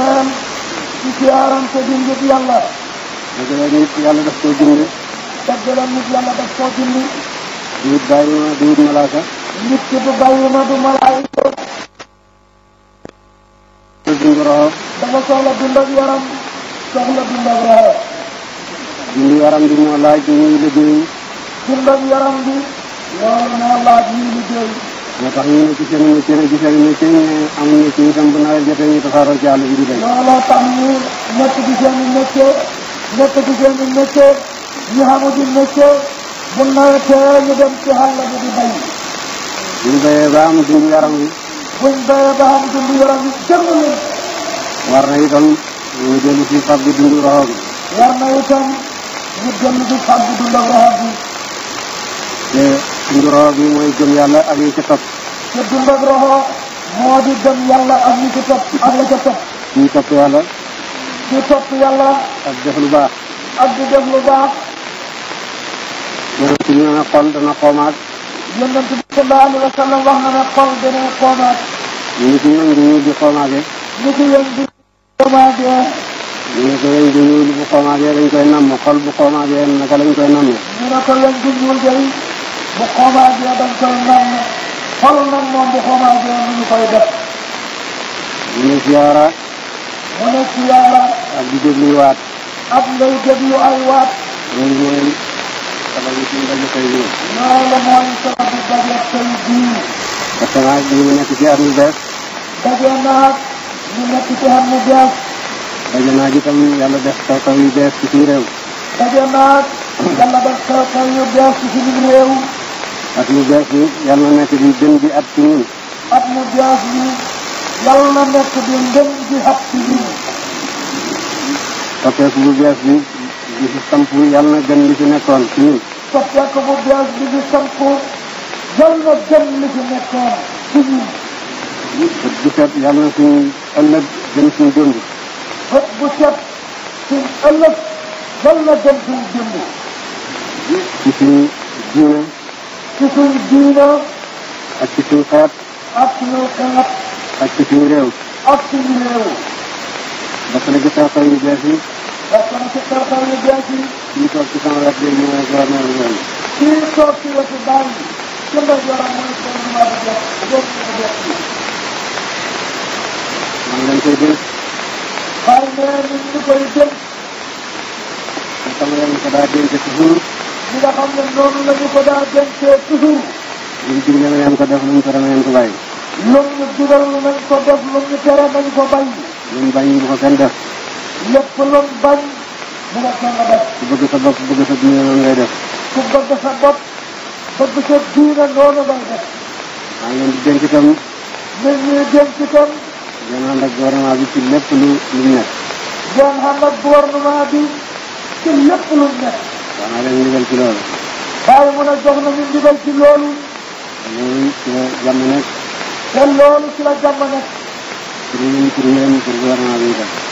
jaar ci siyaaram te di njëg yàlla. dëgg la nit yàlla daf koo bind. dëgg la nit yàlla daf koo bind. nit bàyyi ma duut malaaka. nit ki du bàyyi ma du malaayika. soxla dund roxo. dafa soxla dund ak yaram. soxla dund ak roxo. dund yaram bi moo laaj ñuy liggéey. dund ak yaram bi. loolu moo laaj ñuy liggéey. moo tax ñu ne ci seen métier ci seen am métier itam bu nawet jotee ñu tasaaroo ci àll bi di béy. looloo tax ñu nekk ci seen métier nekk ci seen métier ñu xamatu ñu dem ci àll bi di béy. buñ béyee ba am dundu yaram wi. buñ béyee ba am dundu yaram wi jënd leen. war na itam ñu jënd dundu roxo ngoro bi mooy gëm yàlla ak yi ci topp te dund ak roxo moo di gëm yàlla ak yi ci topp ak la ca topp ñuy topp yàlla ñu topp yàlla ak def lu baax ak di def lu baax yonent bi nee na xol dana xoomaat yonent bi sallallahu alayhi wa sallam wax na ne xol dana xoomaat ñu ngi ci yëngu ñu di xoomaatee ñu ci yëngu xoomaatee ñu ne ko weñ gu ñuul bu xoomaatee dañ koy namm xol bu xoomaatee naka lañ koy nammee ñu ne ko weñ gu ñuul day bu xoomaa jee dañ koy naan xol nag moom bu xoomaa jee nu ñu koy def. mu ne siyaara. mu ne siyaara. ak di déglu waat. ak ngay déglu ay waat. loolu mooy sabab yi suñu daje tey bii. loolu mooy sabab yi daje tey bii. parce que naaj bi ñu nekk ci at mu bees. daje naaj ñu nekk ci at mu bees. daje naaj itam yàlla def taw taw yu bees ci suñu réew. daje naaj yàlla def taw taw yu bees ci suñu réew. at mu bees mi yàlla na nekk di gën di at ci ñun. at mu bees mi yàlla na nekk di gën di at ci ñun. soppeeku bu bees bi di fi samp yàlla na gën li fi nekkoon ci ñun. soppeeku bu bees bi di samp yàlla na gën li fi nekkoon ci ñun. bët bu set yàlla na suñu ëllëg gën suñu dund. bët bu set suñu ëllëg yàlla na gën suñu dund. ci suñu diine. Atitul Dino. Atitul Kap. Atitul Kap. Atitul Reo. Atitul Reo. Bakal lagi tak tahu kita nak beli ni kita sedang. Kembali orang ramai sedang mabuk. Jom kita beli. Mangan saja. Hai, mana ini kau itu? Kita mula mencari ñi nga xam ne noonu la ñu ko daa dencee toujours. ñu digle nañ leen ko def lu ñu tere nañ ko bàyyi. loolu ñu digal nañ ko def lu ñu tere nañ ko bàyyi. luñ bàyyi bu ko kenn def. lépp luñ bañ. bu ko kenn def. ku bëgg sa bopp bëgg sa diine noonu ngay def. ku bëgg sa bopp bëgg sa diine noonu ngay def. maa ngi leen di denc itam. nit ñi denc itam. ngeen ànd ak gouvernement bi ci lépp lu lu nekk. ngeen ànd ak gouvernement bi ci lépp lu nekk. jox naa leen ndigal ci loolu. waaye mu ne jox nañu ndigal ci loolu. loolu ci la jàmm nekk. te loolu ci la jàmm nekk.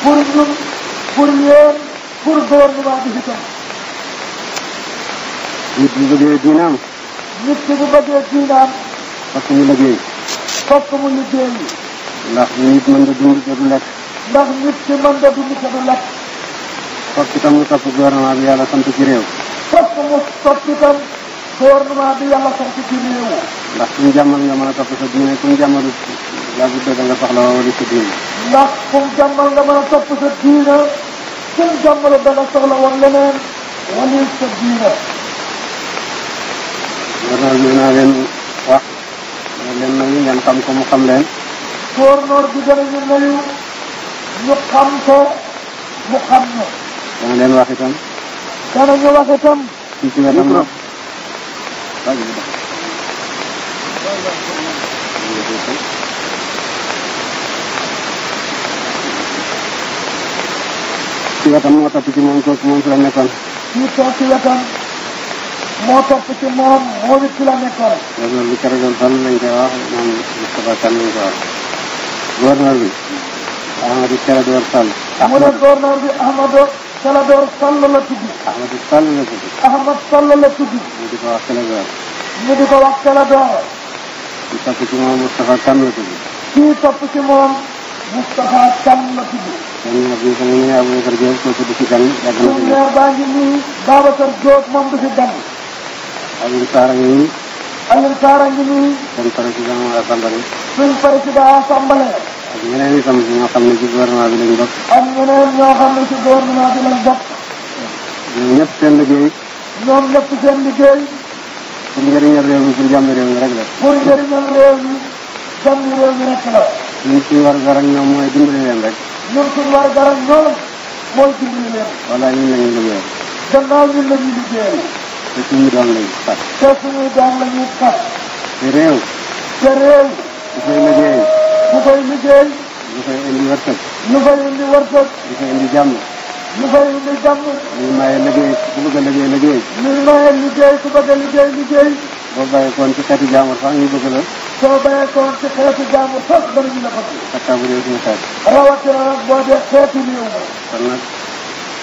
pour ñun pour yéen pour gouvernement bi itam. pour ñun pour yéen pour gouvernement bi itam. nit bu bëggee diinaam. nit bu bëggee diinaam. fokk mu liggéey. fokk mu liggéey. ndax nit mën da dund te du lekk. ndax nit ki mën da dund te du lekk. topp itam lu topp gouvernement bi yàlla sant ci réew. topp mu topp itam gouvernement bi yàlla sant ci réew. ndax ku mu jàmmal nga mën a topp sa diine ku mu jàmmalu laa guddee da nga soxla wala sa diine. ndax ku mu jàmmal nga mën a topp sa diine ku mu jàmmalu da nga soxla woon leneen wala sa diine. gouverneur bi naa leen wax leen nuyu ngeen xam ko mu xam leen. gouverneur bi danañu nuyu ñu xam ko mu xam ne. Yang leen wax itam. kan? ñu wax itam. fii ci wetam la. ci wetam moo topp ci moom kooku moom fi la nekkoon. ñu toog ci wetam moo topp ci moom moom it fi la nekkoon. gouverneur bi keroog fan lañ koy wax moom Senador Sall la tudd. Ahmad Sall la tudd. Ahmad Sall la tudd. ñu di ko wax Senador. ñu di ko wax Senador. kii topp ci moom Moustapha Kane la tudd. kii topp ci moom Moustapha Kane la tudd. kon nag ñu xam ne Aboubacar Diop kooku du ci gan. yàgg na maire du ngi ak ñeneen itam ñoo xam ne ci gouvernement bi lañ bokk. ak ñeneen ñoo xam ne ci gouvernement bi lañ bokk. ñoom ñëpp seen liggéey. ñoom ñëpp seen liggéey. pour njëriñal réew mi pour jàmm réew mi rek la. pour njëriñal réew mi jàmm réew mi rek la. ñun suñu war dara ñoom mooy dimbali leen rek. ñun suñu war dara ñoom mooy dimbali leen. voilà ñun la ñuy liggéeyal. gannaaw ñun la ñuy liggéeyal. te suñu doom lañu fas. te suñu doom lañu fas. te réew. te réew. ku koy liggéey. ku koy liggéey. lu koy indi wërsëg. lu koy indi wërsëg. lu koy indi jàmm. lu koy indi jàmm. luy maye liggéey ku bëgg a liggéey liggéey. luy maye liggéey ku bëgg a liggéey liggéey. boo bàyyeekoon ci xeetu jaamur sax ñu bëgg la. soo bàyyeekoon ci xeetu jaamur sax danañu la ko ji. xataa bu dee suñu xeet. rawatina nag boo dee xeetu lii wu ma.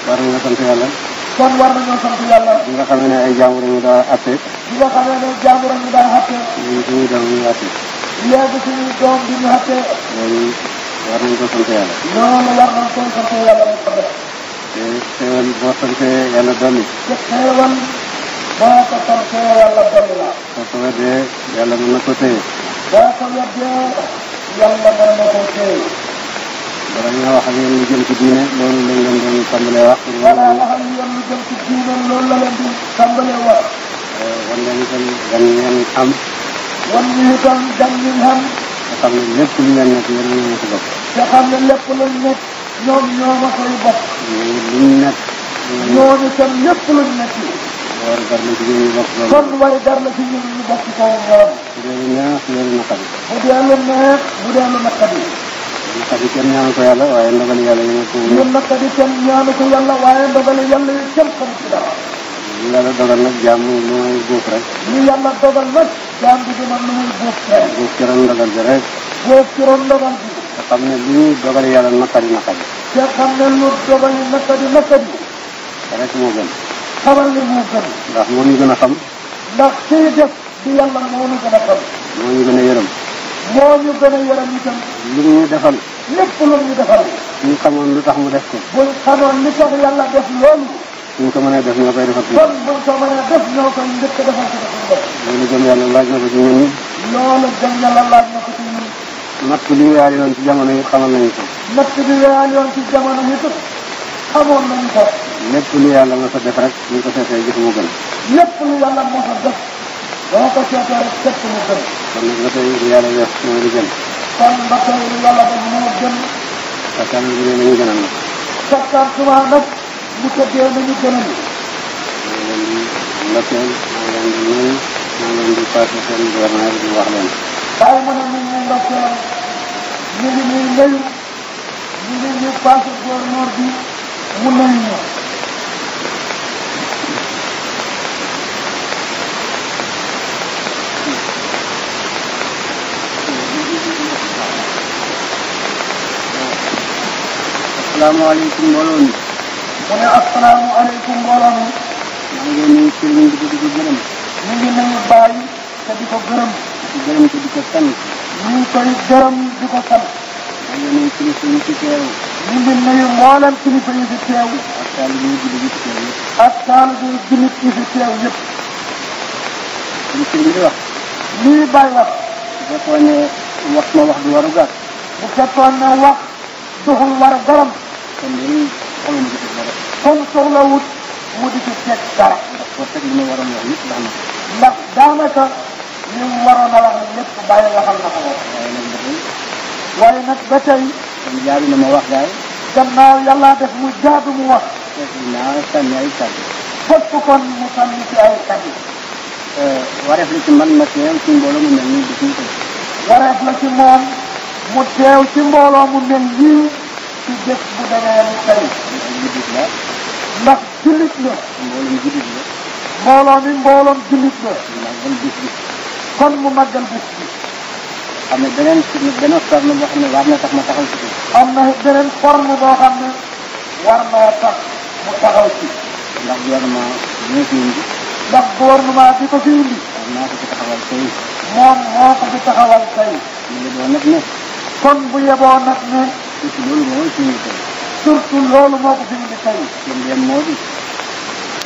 kon nag war nañoo sant yàlla. kon war nañoo sant yàlla. bi nga xamee ne ay jaamur ñu daa àtte. bi nga xamee ne jaamur ñu daa àtte. ñun suñuy doom ñu àtte. yéeg suñuy doom bi ñu xasee. loolu war nañu ko sant yàlla. loolu war nañu ko sant yàlla bu ko def. te xéwal boo santee yàlla dolli. te xéwal boo ko santee yàlla dolli la. boo ko weddee yàlla mën na ko téye. boo ko weddee yàlla mën na ko téye. dara ñoo wax ak yéen lu jëm ci diine loolu lañ leen doon tàmbalee wax. dara wax ak yéen lu jëm ci diine loolu la leen di tàmbalee wax. wan leen itam wan leen am. wan ñu itam jam ñiñ xam nga xam ne lépp lu leen nekk yéen ñoo ma ko bokk nga xam ne lépp luñ nekk ñoom ñoo ma koy bokk luñ nekk ñoom itam lépp luñ nekk war gar la ci ñun ñu bokk loolu kon war gar la ci ñun ñu bokk kaw ñoom bu dee lu neex bu dee lu naqari bu dee lu neex bu dee lu naqari naqari kenn ñaanu ko yàlla waaye ndogal yàlla yi ko lu naqari kenn ñaanu ko yàlla waaye ndogal yàlla yi kenn xam ci dara lu yàlla dogal nag jàmm mooy góof rek lu yàlla dogal nag jaam bi dina nu muy góob rek. góob ci ron ndogal bi rek. góob ci ron ndogal bi. te xam ne lu ñuy dogal yàlla nakari nakari. te xam ne lu dogal nakari nakari. rek moo gën. xamal ni moo gën. ndax moo ñu gën a xam. ndax kii def di yàlla moo ñu gën a xam. moo ñu gën a yërëm. moo ñu gën a yërëm itam. lu ñu defal. lépp lu ñu defal. ñu xamoon lu tax mu def ko. buñ xamoon li tax yàlla def loolu. ñu ko mënee def ñoo koy defal suñu bopp. kon buñ ko mënee def ñoo koy njëkk a defal suñu bopp. loolu gëm yàlla laaj na ko ci ñun. loolu gëm yàlla laaj na ko ci ñun. natt bi weyaale woon ci jamono yi xamal nañu ko. natt bi weyaale woon ci jamono yi tëdd xamoon nañu ko. lépp lu yàlla mos a def rek ñu ko seetee gis mu gën. lépp lu yàlla mos a def doo ko seetee rek seet mu gën. kon nag ba tey lu yàlla def mooy lu gën. kon ba tey lu yàlla def moo gën. sakkaan bi nee nañu gën a nag. sakkaan souvent nag. bu tëddee nañu gënal. maa ngi leen di ndokkeel maa ngi leen di nuyu maa ngi leen di passé seen gouvernement bi di wax leen. bàyyi ma ne ñu ngi ndokkeel ñu ngi ñuy nuyu ñu ngi ñuy passé gouvernement bi mu nuyu ñu. asalaamaaleykum mbooloo mi. mu ne asalaamaaleykum mbooloo mi. maa ngi nuyu ci liñ bi di gërëm. ñu ngi nuyu bàyyi te gërëm. di gërëm te di ko sant. ñu ngi koy gërëm di ko sant. maa ngi yi fi teew. ñu ngi nuyu mboolem kilifa yi fi teew. ak taalibe yi jullit yi fi teew yëpp. ak taalibe yi jullit yi fi wax. lii bàyyi wax. wax ma wax du waru gar. bu fekkoon ne wax duxul war a garam. kon loolu kon soxlawut mu di ci teg dara. ndax foo teg li ma waroon wax lépp baax na ko. ndax daanaka li mu waroon a wax lépp bàyyi waxal na ko moom. waaye nag ba tey. kon jaadu na ma wax daal. gannaaw yàlla def mu jaadu mu wax. fekk naa sànni ay kàddu. fekk kon mu sànni ci ay kàddu. Euh, wareef la ci man ma teew ci mbooloo mu mel nii di suñu kër. wareef la ci moom mu teew ci mbooloo mu mel nii ci jëf bu demee mu tey. ndax jullit na. mbooloom jullit na. mbooloo mi mbooloom jullit na. màggal bis bi. kon mu màggal bis bi. am na beneen beneen forme boo xam ne war na tax ma taxaw ci biir. am na beneen forme boo xam ne war naa tax mu taxaw ci. ndax gouvernement bi ñoo fi indi. ndax gouvernement bi ko fi indi. moo ko fi taxawal tey. moom moo ko fi taxawal tey. mu yeboo nag ne. kon bu yeboo nag ne. te ci loolu mooy suñu tey. surtout loolu moo ko fi indi tey. firndeem moo di.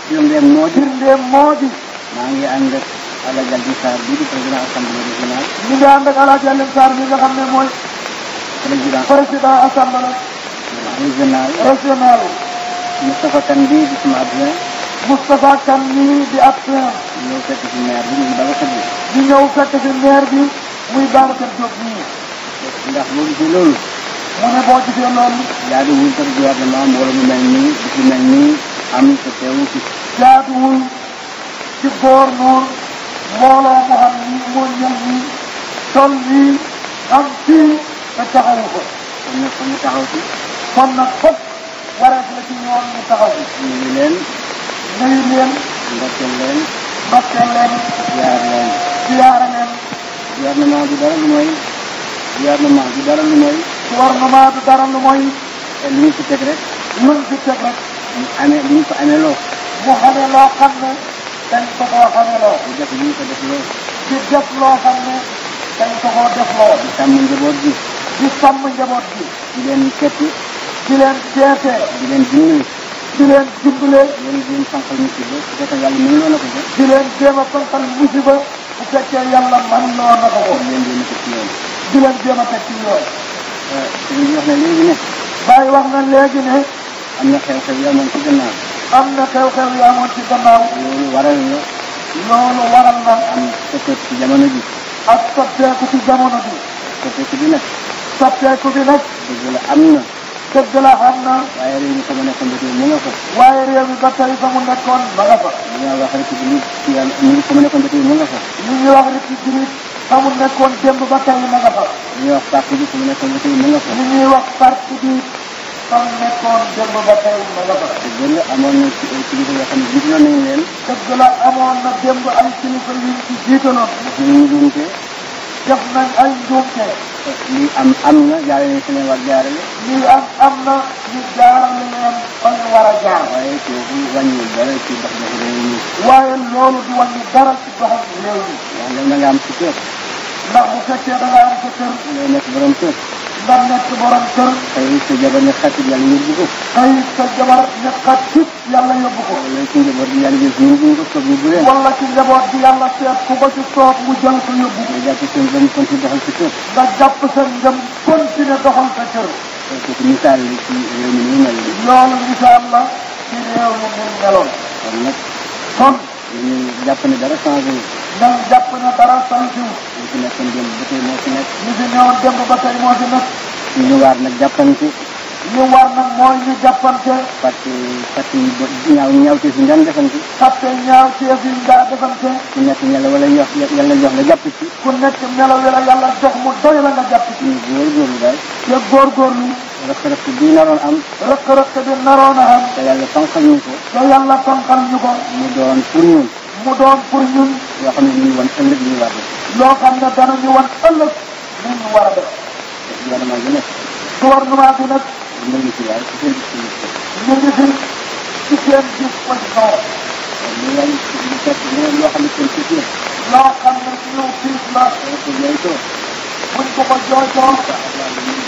firndeem moo di. firndeem moo di. maa ngi ànd ak El Hadj Alioune Sarr bii di président assemblée régionale. ñu ngi ànd ak El Hadj Alioune Sarr mi nga xam ne mooy. président président assemblée. régionale régionale. Moustapha Kane bii di sama adjoint. Moustapha Kane mii di adjoint. ñu ñëw fekk si maire bi muy Babacar Diop. ñu ñëw fekk si maire bi muy Babacar Diop mii. ndax boo gisee loolu. mu ne boo ci fee loolu jaaduwul sax jiwaat yàlla mbooloo mu mel nii bu ci mel nii am sa teewu ci jaaduwul ci góor noor mbooloo mu xam ni moo ñëw nii toll nii am fii te taxawu ko kon nag kon ñu taxaw ci kon nag foog wareef la ci ñoom ñu taxaw ci nuyu leen nuyu leen ndokkeel leen ndokkeel leen ziyaar leen ziyaare leen gouvernement bi dara lu mooy gouvernement bi dara lu mooy war na maa du dara lu mooy. te lu ñu ci teg rek. lu ñu ci teg rek. mu amee lu ñu ko amee loo. mu xamee loo xam ne. dañ ko koo xamee loo. di def lu ñu ko def loo. di def loo xam ne. dañ ko koo def loo. di sàmm njaboot bi. di sàmm njaboot bi. di leen ketti. di leen teete. di leen dimbali. di leen dimbale. di leen jéem fanqal musiba bu fekkee yàlla mën loo na ko ba. di leen jéem a fanqal musiba bu fekkee yàlla mën loo na ko ba. di leen jéem a teg ci yoon. di leen jéem a teg ci yoon. sëriñ bi wax na léegi ne. Baye wax na léegi ne. am na xew-xew yu amoon ci gannaaw. am na xew-xew yu amoon ci gannaaw. loolu waral na. loolu waral na. am soppeeku ci jamono ji. ak soppeeku ci jamono ji. soppeeku bi nag. soppeeku bi nag. dëgg la am na. dëgg la xam na. waaye réew mi fa mu nekkoon ba tey mu nga fa. waaye réew mi ba tey fa mu nekkoon ba nga fa. li nga wax rek ci biir ci yàlla mu fa mu nekkoon ba tey mu nga fa. li ñuy wax rek ci biir. fa mu nekkoon démb ba tey ma nga fa. li ñuy wax parti bi fu mu nekkoon ba tey ma nga fa. li ñuy wax parti bi fa mu nekkoon démb ba tey ma nga fa. dëgg la amoon na ci ay kilifa yoo xam ne jiitaloon nañu leen. dëgg la amoon na démb ay kilifa yuñ ci jiitaloon. def nañu njuumte. def nañ ay njuumte. lii am am na jaaree nañ fi leen war jaaree. lii am am na ñu jaarale leen fa ñu war a jaar. waaye kooku wàññiwul dara ci dox dox réew mi. waaye loolu du wàññi dara ci dox réew mi. waaw léegi da nga am ci kër. ndax bu fekkee da ngaa am sa kër. ngay nekk borom kër. ndax nekk borom kër. xëy sa jabar ne xatit yàlla yóbbu ko. xëy sa jabar ne xatit yàlla yóbbu ko. wala ci njaboot bi yàlla jël ko yóbbu ko yóbbu leen. wala ci njaboot bi yàlla seet ku ko ci soob mu jël ko yóbbu. nga jàpp seen ngëm continué doxal sa kër. nga jàpp seen ngëm continué doxal sa kër. parce que misaal la ci réew mi ni mu meloon. loolu misaal la ci réew mi ni mu meloon. kon nag kon. ñu jàpp ne dara changé wu. ñu jàpp ne dara changé wu. ñu fi nekkoon démb ba tey moo fi nekk. ñu fi ñëwoon démb ba tey moo fi nekk. ñu ñu waar nag jàppante. ñu war nag mooy ñu jàppante. parce que parce que ñaaw ñaaw ci fi ngeen defante. parce que ñaaw ci fi nga defante. ku nekk nelaw wala yox yàlla jox nga jàpp ci. ku nekk nelaw wala yàlla jox mu doy la nga jàpp ci. ñu góorgóorlu daal. te góorgóorlu. rëkk-rëkk bii naroon am rëkk-rëkk bi naroon a am te yàlla fanqal ñu ko te yàlla fanqal ñu ko mu doon pour ñun mu doon pour ñun yoo xam ne ñu wan ëllëg ñu war a def loo xam ne danañu wan ëllëg ñu ñu war a def gouvernement bi nag gouvernement bi nag ñu ngi fi waay ci seen ñu ngi fi ci seen gis position ñu yàlla ñu fekk leneen loo xam ne seen ci loo xam ne ñëw fiis la buñ ko ko jooytoo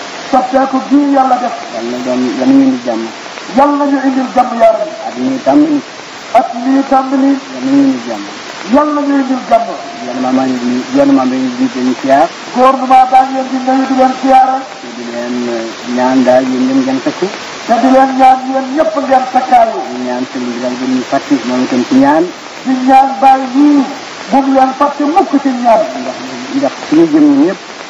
soppeeku bii yàlla def. yàlla doon yàlla ñu indi jàmm. yàlla ñu indil jàmm yaa rabbi. at lii tàmbali. at lii tàmbali. yàlla ñu indil jàmm. yàlla ñu indil jàmm. gouvernement bi gouvernement bi ñu di leen siyaar. gouvernement baa ngeen di nuyu di leen siyaara. te di leen eh, ñaan daal yéen ñëpp ngeen takku. te di leen ñaan yéen ñëpp ngeen takkaayu. di ñaan sëriñ bi daal di ñu fàtti moom itam ci ñaan. di ñaan bàyyi lii bu mu leen fàtte mukk ci ñaan. ndax ndax suñu jëm ñëpp.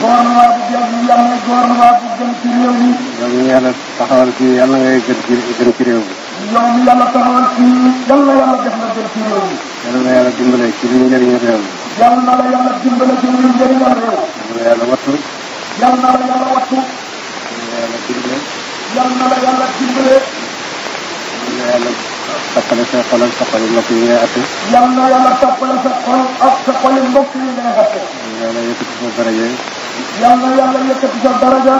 gouvernement bu bees bi yàlla na gouvernement bu gën ci réew mi. yow mi yàlla taxawal fii yàlla ngay gën ci gën ci réew mi. yow mi yàlla taxawal fii yàlla yàlla def na gën ci réew mi. yàlla na yàlla dimbale ci li njëriñu réew mi. yàlla na la yàlla dimbale ci li njëriñu réew mi. yàlla na yàlla wattu. yàlla na la yàlla wattu. yàlla na yàlla dimbale. yàlla na la yàlla dimbale. yàlla na yàlla tappale sa xol ak sa xoli mbokk yi ngay atte. yàlla na yàlla tappale sa xol ak sa xoli mbokk yi ngay atte. yàlla yëkkati sa daraja yal na yàlla yëkkati sa daraja.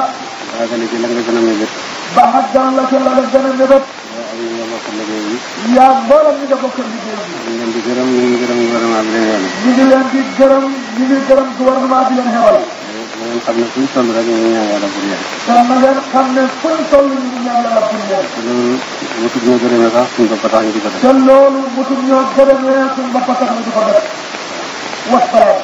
baagale ci la nga gën a mébét. ba xajjal la ci la nga gën a mébét. yaa mboolem ñi nga bokk liggéey bi. ñu ngi leen di gërëm ñu ngi gërëm gouvernement bi leen yore. ñu ngi leen di gërëm ñu ngi gërëm gouvernement bi leen xewal. na ngeen xam ne fu ñu toll rek ñu ngi ñaan yàlla pour yéen. kon na ngeen xam ne fu ñu toll ñu ngi ñaan yàlla pour yéen. te loolu mosul ñoo gërëmee sax suñ bopp tax ñu di ko def. te loolu mosul ñoo gërëmee suñ bopp tax ñu di ko def wasalaam.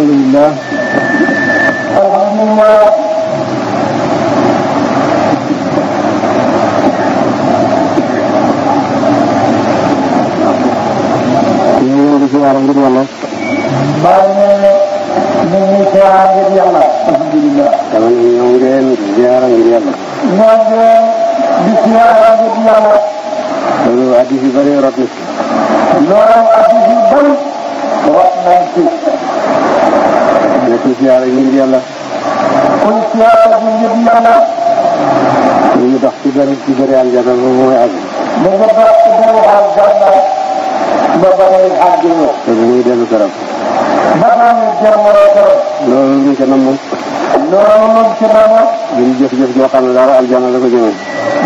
Alhamdulillah. Alhamdulillah. Allah. Allah. nekk ziyaara ngir yàlla. kon ziyaara bi ngir yàlla. ñu ngi dox ci benn ci bëri aljana ba mooy àgg. ñu ngi dox ci bëri aljana ba ba mooy àgg ñëw. te bu muy dellu garab. ba ba muy jëmmoo garab. loolu ñu ca namoon. loolu ñu ca namoon. dañuy jëf-jëf joo xam ne dara aljana la ko jëmee.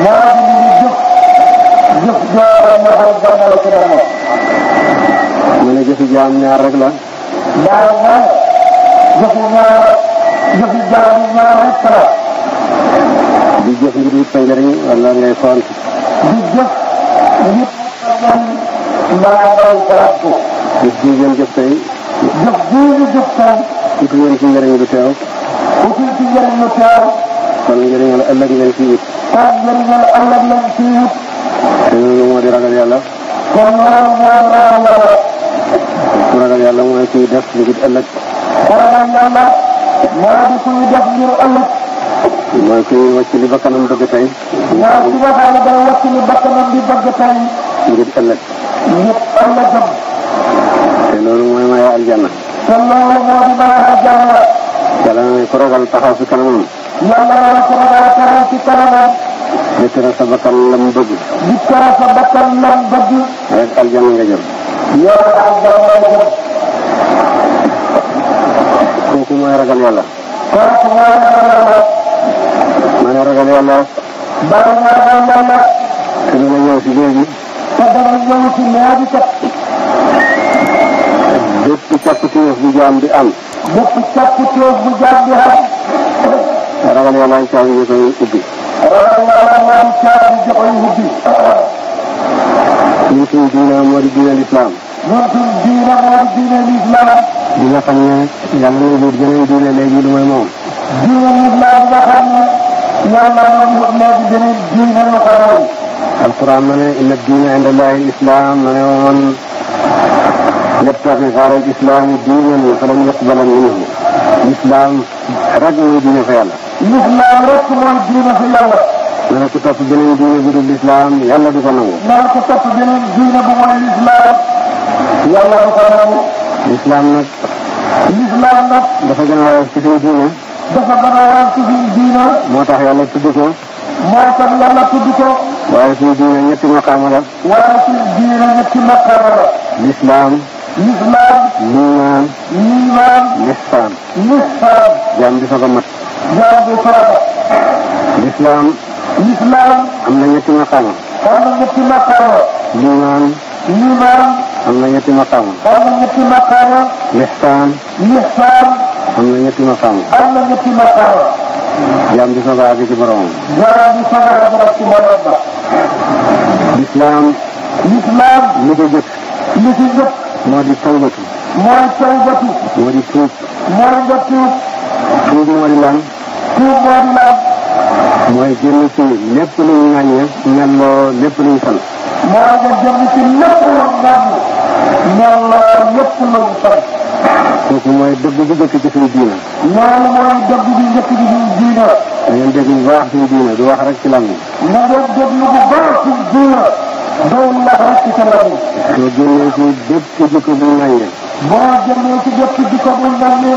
maa ngi leen di jëf. jëf joo xam ne aljana la ko jëmee. mu ne jëfi jaam ñaar rek la. ñaar ñaar. jëfi ñaar jëfi jaam ñaar rek la. di jëf ngir wut sa njëriñ wala ngay font. di jëf ngir sa njëriñ mbaa ngay farat. jëf ji ngeen jëf tey. jëf ji ñu jëf tey. uti woon ci njëriñ lu teew. uti ci njëriñ lu teew. kon njëriñu la ëllëg ngeen ciy wut. kon njëriñu la ëllëg ngeen ciy wut. te loolu moo di ragal yàlla. kon loolu moo di ragal yàlla. ku ragal yàlla mooy kuy def lu ëllëg. dara daan yàlla moo di suñu def ngir ëllëg. mooy ki wàcc li bakkanam bëgg tey. mooy ki nga xam ne day wàcc li bakkanam di bëgg tey. ngir ëllëg. ngir ëllëgam. te loolu mooy maye aljanna. te loolu moo di maye aljanna. yàlla na ko ragal taxaw si kanamam. yàlla na ko ragal taxaw si kanamam. di tere sa bakkan lam bëgg. di tere sa bakkan lam bëgg. rek aljanna nga jëm. yow aljanna nga jëm. bokk ci mooy ragal yàlla kon ci mooy ragal yàlla mën a ragal yàlla bari na ragal yàlla te dana ñëw si léegi te dana ñëw si ñaari di am bépp càpputeef bu jaam di am ragal yàlla ñu caabi ñu koy ubbi ragal yàlla ñu caabi ñu koy ubbi ñun suñu diine moo di diine l'islam ñun di nga xam ne yàlla na wut geneen diine léegi lu may moom. diine nit la am nga xam ne yàlla na wut léegi geneen diine lu ko raw. alquran ma ne inna diine inda allahi islam ma ne woon yabtaqi xaaral islam diinan falam yuqbala minhu islam rek mooy diine fa yàlla. islam rek mooy diine fa yàlla. na nga ko topp beneen diine bu dul islam yàlla du ko nangu. na nga ko topp beneen diine bu mooy islam yàlla du ko nangu. lislaam nag. lislaam nag. dafa gën a woyof ci suñu diine. dafa moo tax yàlla tudd ko. moo tax yàlla tudd ko. waaye suñu diine lislaam. lislaam. liimaan. liimaan. lihsaan. lihsaan. jaam bi a mat. jaam bi mat. lislaam. lislaam. na liimaan. iman am na ñetti maqaama. am na ñetti maqaama. lixsaan. lixsaan. am na ñetti maqaama. am na ñetti maqaama. jaam bi soog a àgg ci boromam. jaam bi soog a àgg ci boromam. lislaam. lislaam. li ko jëkk. li ci jëkk. moo di tawbatu. mooy tawbatu. moo di tuub. mooy nga tuub. tuub moo di lan. tuub moo di lan. mooy génn ci lépp lu ñu ñaañee ñelloo lépp lu ñu sant. moo ci lépp lu ñu ñaañee ñelloo lépp lu ñu kooku mooy dëgg bu njëkk ci suñu diina. loolu mooy dëgg bu njëkk ci suñu diina. da ngeen dégg bu baax diina du wax rek ci lan la. na ngeen dégg bu ci sa ci bépp bu ñu ñaañee. boo ci bépp jikko bu ñu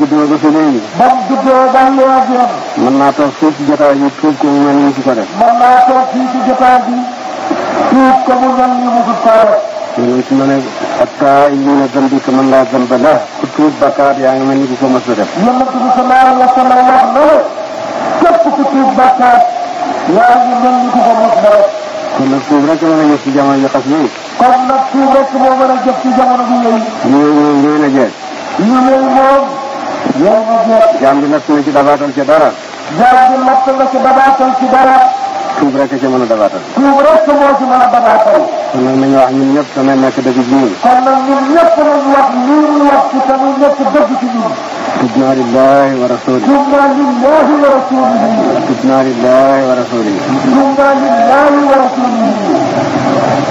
juddoo ba fi léegi. ba juddoo ba am loo jëm. mën naa toog fii ci jotaay bi tuub ko mu mel ni su ko def. mën naa toog fii ci jotaay bi tuub ko mu mel ni mu su ko def. yéen it ma ne hatta inna dambi kaman laa damba la ku tuub bakkaar yaa ngi mel ni ku ko mës a def. yéen a tudd sa maanaam la sama wax na képp ku tuub bakkaar yaa ngi mel ni ku ko mës a def. kon nag tuub rek mën a jëf ci jamono yu xas yooyu. kon nag tuub rek moo mën a jëf ci jamono bi yooyu. ñu ngi leen a jeex. ñu ngi moom. yow ma jot. jaam bi natt na ci dara. jaam bi natt na ci dabaatal ci dara. tuub rek ci mën a dabaatal. tuub rek moo ci mën a dabaatal. kon nag nañu wax ñun wax ñu wax ci te nekk dëgg ci تبنا لله ورسوله تبنا لله ورسوله تبنا لله ورسوله تبنا لله ورسوله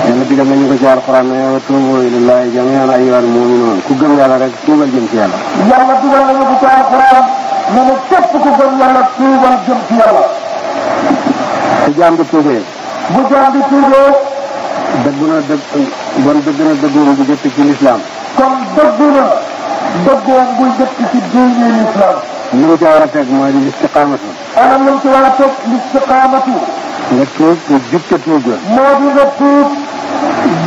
yàlla digal nañu ko ci alxuraan ne wa tuubu ilallahi jamii'an ayyuhal mu'minuun ku gëm yàlla rek tuubal jëm ci yàlla. yàlla digal nañu ko ci alxuraan ne ne képp ku gëm yàlla tuubal jëm ci yàlla. bu jaam bi tuubee. bu jaam bi tuubee. dëgg na dëgg bon dëgg na dëggoon bu jot ci lislaam dëggoom buy dëkk ci diine l'islam. li mu ci war a teg mooy listiqaamatu. anam li mu ci war a teg listiqaamatu. nga tuub nga jub te tuub la. moo di nga tuub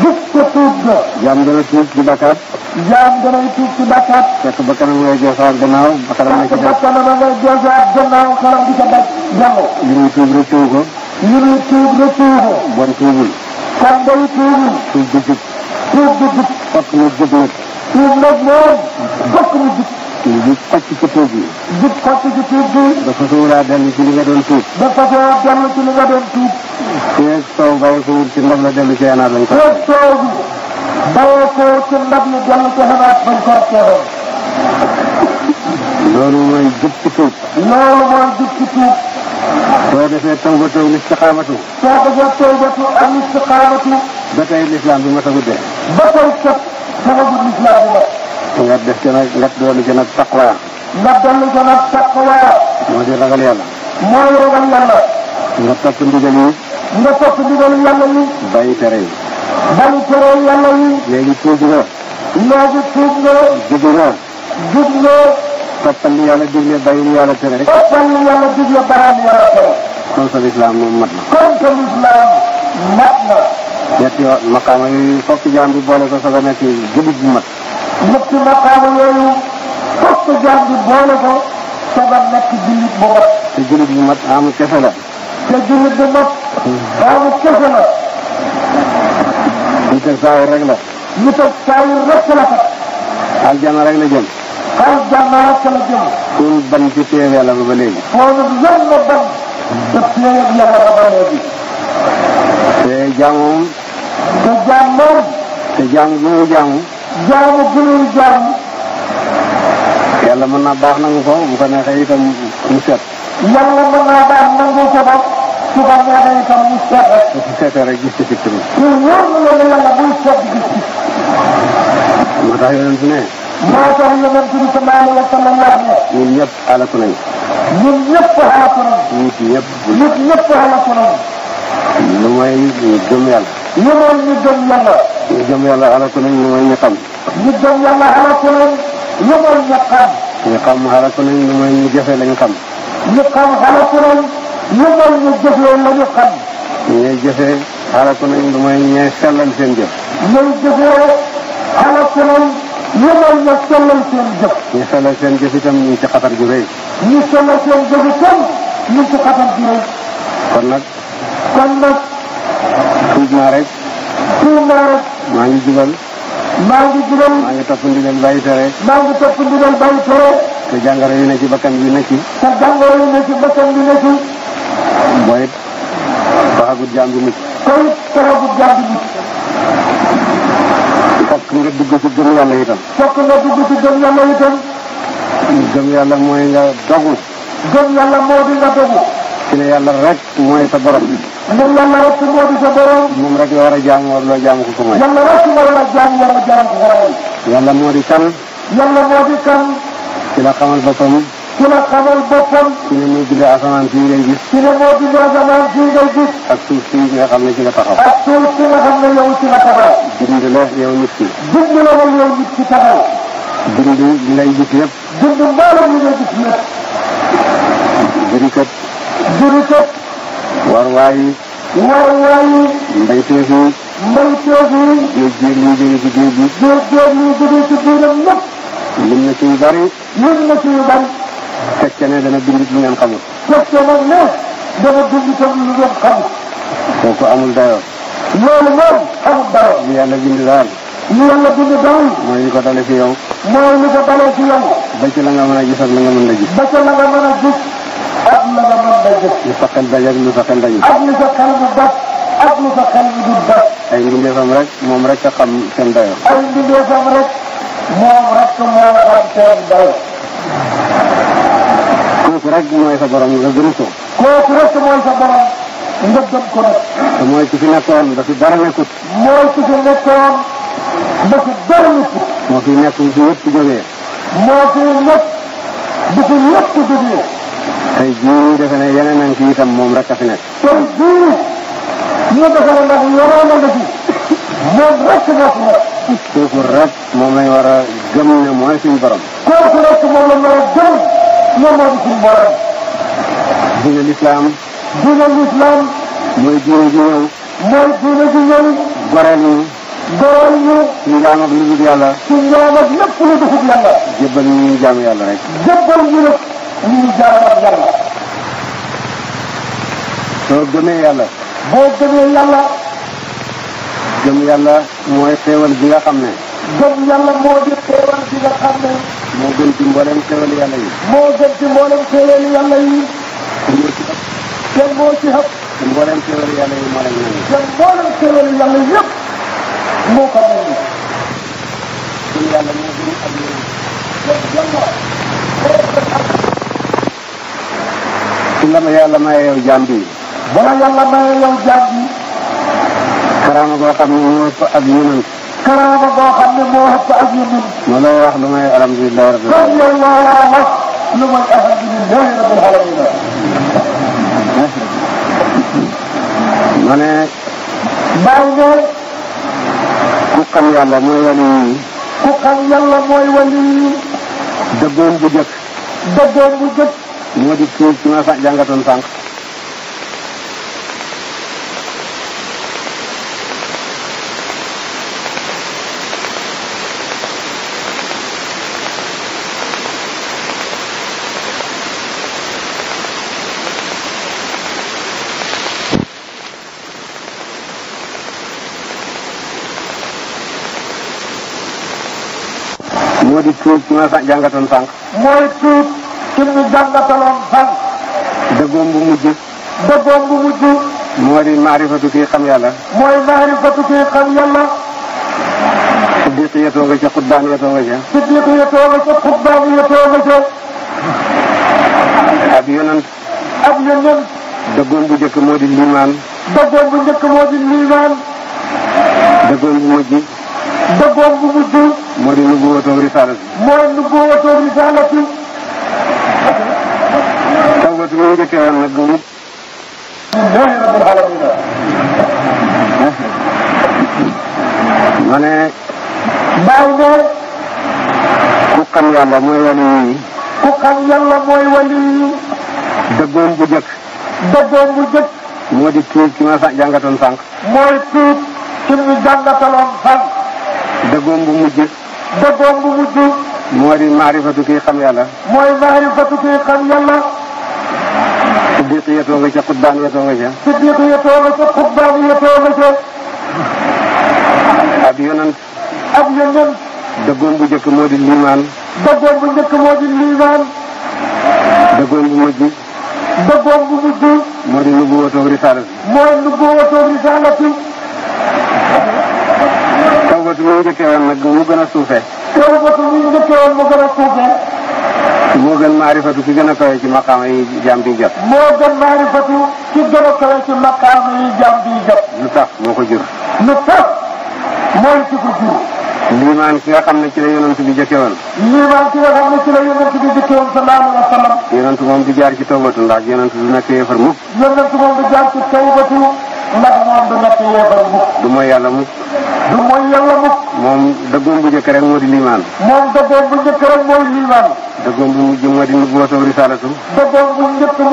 jub te tuub la. jaam dana tuub ci bakkaat. jaam danay tuub ci bakkaat. fekk ba kanam ngay joosaat gannaaw ba kanam ngay. ba kanam ngay joosaat gannaaw kanam di sa baj jàngo. li muy tuub rek tuub ko. li muy tuub rek tuub ko. bon tuubul. kon day tuubul. tuub bu jub. tuub bu jub. fokk nga jub nag. suuf nag moom fokk mu jub. jub pàcc ci tuub bi. jub pàcc ci tuub bi. ba fasoo laa dellu ci li nga doon tuub. ba fasoo dellu ci li nga doon tuub. feeg soow bàyyi ko ci ndab la dellu ci xanaat lañ ko. feeg soow bi bàyyi ko ci ndab la dellu ci xanaat lañ ko teewal. loolu mooy jub ci tuub. loolu mooy jub ci tuub. soo defee tawbatu ak istiqaamatu. soo defee tawbatu ak istiqaamatu. ba tey lislaam bi ma tagu dee. ba tey kat. sababu lislaam la. nga def ci nag nga dolli ci nag taqwa. nga dolli ci nag taqwa. moo di ragal yàlla. mooy ragal yàlla. nga topp ndigal nga topp ndigal yàlla yi. bàyyi tere yi. tere yàlla yi. léegi tuub nga. léegi tuub jub nga. jub nga. toppal li yàlla digle bàyyi tere rek. toppal li mat na. kon mat na. ñett yoo maqaama yooyu fokk jaam bi boole ko soog a nekk jullit bu mat. ñetti maqaama yooyu fokk jaam bi boole ko soog a nekk jullit bu mat. te jullit bu mat amu kese la. te jullit bu mat. amu kese la. ñu teg saa yu rek la. ñu teg saa yu rek la kat. aljana rek la jëm. aljana rek la jëm. pour ban ci téye yàlla ba ba léegi. foofu yan la ban. te téye yàlla ba ba léegi. te jaamoom. te jàmm moom. te jàmm bi muy jàmm. jaamu bi muy jàmm. yàlla mën naa baax nangu ko bu ko neexee itam mu set. yàlla mën naa baax nangu ko ba su ko neexee itam mu set rek. te su seetee rek gis ci si tamit. te wóor na la yàlla muy set gis ci. moo tax yonent ne. moo tax yonent bi sallallahu alayhi wa sallam wax ne. ñun ñëpp alaku nañ. ñun ñëpp alaku nañ. nit ñëpp. nit ñëpp alaku nañ. lu may gëm yàlla. yéen ñu gëm yàlla. ñu gëm yàlla alaku nañ ñu mooy ñu xam. ñu gëm yàlla alaku nañ ñu mooy ñu xam. ñu xam alaku nañ ñu mooy ñu jëfe lañu xam. ñu xam alaku nañ ñu mooy ñu jëfe lañu xam. ñooy jëfe alaku nañ ñu mooy ñooy sellal seen jëf. ñooy jëfe alaku nañ ñu mooy ñu sellal seen jëf. ñu sellal seen jëf itam ñu ci xatar ju rëy. ñu sellal seen jëf itam ñu ci xatar ju rëy. kon nag. kon nag. tuub naa maa ngi jubal. maa ngi jubal. maa ngi topp ndigal bàyyi tere. maa ngi topp ndigal bàyyi tere. te jàngoro yi ci bakkan bi ne ci. te jàngoro yi ne ci bakkan bi ne ci. booy it taxagut jaam bi mucc. booy it taxagut jaam bi mucc. fokk nga dugg ci gëm yàlla itam. fokk nga dugg ci gëm yàlla itam. gëm yàlla mooy nga dogu. gëm yàlla moo di nga rek mooy sa borom. ngir yàlla rek moo di sa borom. moom rek la war a jaamu war loo jaamu ko ko mooy. yàlla rek la war a jaamu war a jaamu ko ko mooy. yàlla moo di kan. yàlla moo di kan. ci la xamal boppam. ci la xamal boppam. ci la moo bindee asamaan fii ngay gis. ci la moo bindee asamaan fii ngay gis. ak suuf si nga xam ne ci la taxaw. ak suuf si nga xam ne yow ci la taxaw. bind la yow nit ki. bind la wala yow nit ki taxaw. bind li ngay gis yëpp. bind mboolem li ngay gis yëpp. jërikat. jërikat. warwaay yi. warwaay yi. mbayteef yi. mbayteef yi. géej géej liy jóge ci géej gi. géej géej liy jóge ci biiram lépp. lim na ci yu bari. lim na lu ngeen amul dayoo. loolu moom amul dayoo. li yàlla bind daal. li yàlla bind ba ci la nga mën a gis ak la nga mën a a gis. rafet. lu sa xel daj ak lu sa xel daj. ak lu sa xel bu bët ak lu sa xel bu bët. ay mbindeefam rek moom rek a xam seen dayoo. ay mbindeefam rek moom rek moo xam seen dayoo. kooku rek mooy sa borom nga gën a sóob. kooku rek mooy sa borom nga gëm ko nag. te mooy ku fi nekkoon ba fi dara nekkut. mooy ku fi nekkoon ba fi dara nekkut. moo fi nekk bu fi yëpp jógee. moo fi nekk bu fi yëpp jógee. tey jii ñuy defe ne yeneen nañ ci itam moom rek a fi nekk. tey jii ñu defe ne nag yeneen nañ ci moom rek nga fi nekk. kooku rek moom lañ war a gëm ne mooy suñu borom. kooku rek moom lañ war a gëm ne mooy suñu borom. diine lislaam. diine lislaam. mooy diine ji ñëw. mooy diine ji ñëw. goreel ñu. goreel ñu. suñu jaam ak lu dul yàlla. suñu jaam ak lépp lu dul yàlla. jébbal ñu ñu jaamu yàlla rek. jébbal ñu rek. ñuy jaamu ak yàlla. soo gëmee yàlla. boo gëmee yàlla. gëm yàlla mooy xéewal bi nga xam ne. gëm yàlla moo di xéewal bi nga xam ne. moo gën ci mboolem xéewal yàlla yi. moo gën ci mboolem xéewal yàlla yi. kenn moo ci xëpp. te mboolem xéewal yàlla yi moo leen nangu. te mboolem xéewal yàlla yëpp moo ko nangu. gëm yàlla moo gën a am yéen. su la ma yàlla maye yow jaam bi. bala yàlla maye yow jaam bi. karaama boo xam ne moo ëpp ak yeneen. karaama boo xam ne moo ëpp ak yeneen. ma loo wax lu may alhamdulilah rabbil alamin. kon yow loo wax lu may alhamdulilah rabbil alamin. ma ne. bàyyi ne. ku xam yàlla mooy wali yi. ku xam yàlla mooy wali yi. dëggoon bu jëkk. dëggoon bu jëkk. moo di ci si ma fa jangaton sank moo di ci ma fa jangaton sank mooy tuub ñu jàngataloon fan dëggoom bu mujj dëggoom bu mujj moo di maarifatu kii xam yàlla mooy maarifatu kii xam yàlla siddiq yetoo nga ca xutbaan yetoo nga ca siddiq yetoo nga ca xutbaan yetoo nga ca ab yonent ab yonent dëggoom bu njëkk moo di limaan dëggoom bu njëkk moo di limaan dëggoom bu mujj dëggoom bu mujj moo di nubuwatoo risaalati mooy nubuwatoo risaalati xamante ni njëkk yoon nag gëmu mooy rabbul alamin ma ne bàyyi ne ku xam yàlla mooy wali yi ku xam yàlla mooy wali yi dëggoom bu jëkk dëggoom bu jëkk moo di tuub ci ma jàngatoon di xuddiitu yetoo nga ca xutbaan yetoo nga ca. xuddiitu yetoo nga ca ab yonent. ab yonent. dëggoon bu jëkk moo di liimaan. dëggoon bu njëkk moo di liimaan. dëggoon bu mujj. dëggoon bu mujj. moo di nubuwatoog risaalati. mooy nubuwatoog risaalati. tawbatu mu njëkkee nag mu gën a suufee. tawbatu mu mu gën a moo gën maarifatu ki gën a kawe ci maqaama yi jaam bi jot. moo gën maarifatu ki gën a kawe ci maqaama yi jaam bi jot. lu tax moo ko jur. lu tax mooy ci ko jur. liimaan ki nga xam ne ci la yonent bi jëkke woon. liimaan ki nga xam ne ci la yonent bi jëkke woon sallallahu alayhi wa sallam. yonent moom du jaar ci tawbatu ndax yonent du nekk yéefar mukk. yonent moom du jaar ci tawbatu. ndax moom du nekk yéefar mukk. du mooy yàlla mukk. du mooy yàlla mukk. moom dëggoom bu njëkk rek moo di liimaan. moom dëggoom bu njëkk mooy liimaan. dëggoom bu mujj moo di nubuwatu risalatu. dëggoom bu mujj. dëggoom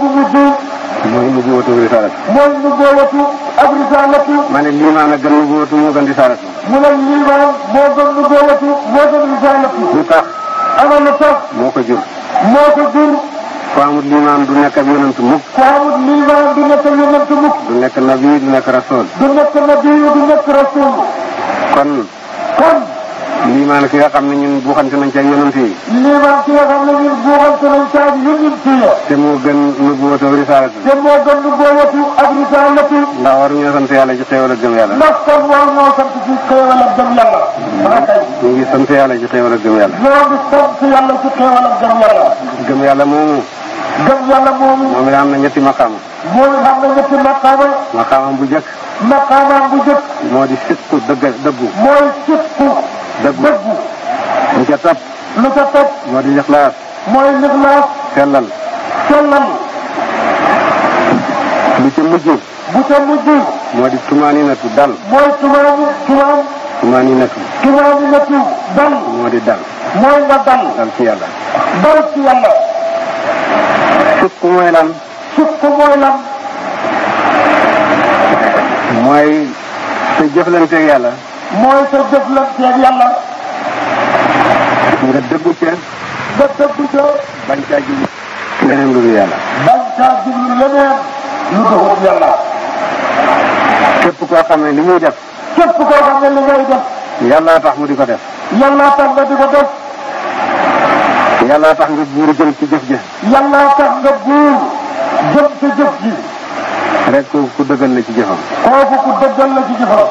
bu mujj. mooy nubuwatu risalatu. mooy nubuwatu ak risalatu. ma ne liimaan a gën nubuwatu moo gën risalatu. mu ne liimaan moo gën nubuwatu moo gën risalatu. lu tax. ana lu tax. moo ko jur. moo ko jur. ku amut liimaan du nekk ab yonent mukk. ku amut nekk ab yonent mukk. nekk nabi du nekk rasool. du kon. liimaan ki nga xam ne ñun buuxante nañ ci ak yonent yi. liimaan ki nga xam ne ñun buuxante nañ ci ak yonent yi. te moo gën nubuwatu ak risaalatu. te moo gën nubuwatu ak risaalatu. ndax war yàlla ci xéewal ak yàlla. ndax yàlla. ñu ngi sant yàlla ci xéewal ak gëm yàlla. ñoo ngi sant yàlla ci xéewal ak gëm moomu. gëm yàlla moom. moom it am na ñetti maqaama. moom it am na ñetti maqaama. maqaamaam bu njëkk. maqaamaam bu njëkk. moo di sëkku dëgg dëggu. mooy sëkku. dëggu dëggu. lu ca topp. lu ca moo di lixlaas. mooy lixlaas. sellal. sellal. lu ca mujj. bu moo di tumaaninatu dal. tumaani tumaan. dal. moo di dal. mooy nga dal. dal ci yàlla. dal ci yàlla. sukk mooy lan. sukk mooy lan. mooy sa yàlla. mooy sa jëflanteeg yàlla. nga dëggu ca. nga dëggu ca. bañ caa jublu. leneen lu dul yàlla. bañ caa jublu leneen. lu doxul yàlla. képp koo xam ne li ko def. yàlla tax nga góor jëm ci jëf ji. yàlla tax nga góor jëm ci jëf ji. rek kooku ku dëggal la ci jëfam. kooku ku dëggal la ci jëfam.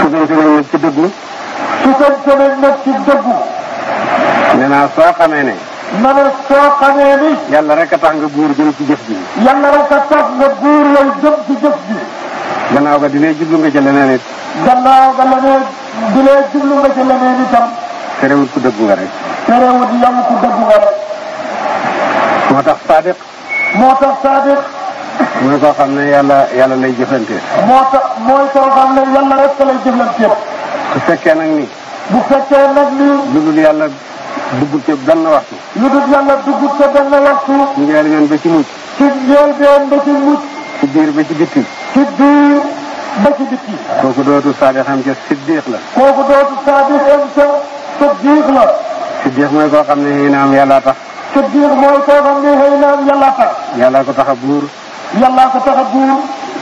su fekkee ne nag ci dëggu. su fekkee ne nag ci dëggu. nee naa soo xamee ne. na ne soo xamee ni. yàlla rek a tax nga góor jëm ci jëf ji. yàlla rek a tax nga góor lay jëm ci jëf ji. gannaaw ga di lee jublu nga ci leneen it. gannaaw ga la ne di lee jublu nga ci leneen itam. terewut ku dëggu nga rek. terewut yow ku dëggu nga rek. moo tax Saadiq. moo tax Saadiq. mooy koo xam ne yàlla yàlla lay jëflante. moo tax mooy koo xam ne yàlla rek lay jëflante. bu fekkee nag ni. bu fekkee nag ni. lu dul yàlla dugg ca benn waxtu. lu dul yàlla dugg ca benn waxtu. ci njëlbeen ba ci mucc. ci njëlbeen ba ci mucc. ci biir ba ci bitti. ba ci bitti. kooku dootu Saadiq am ca siddiq la. kooku dootu Saadiq am ca. siddiq la. siddiq mooy koo xam ne xëy na am yàlla tax. siddiq mooy koo xam ne xëy na am yàlla tax. yàlla ko tax a buur. yàlla ko tax a buur.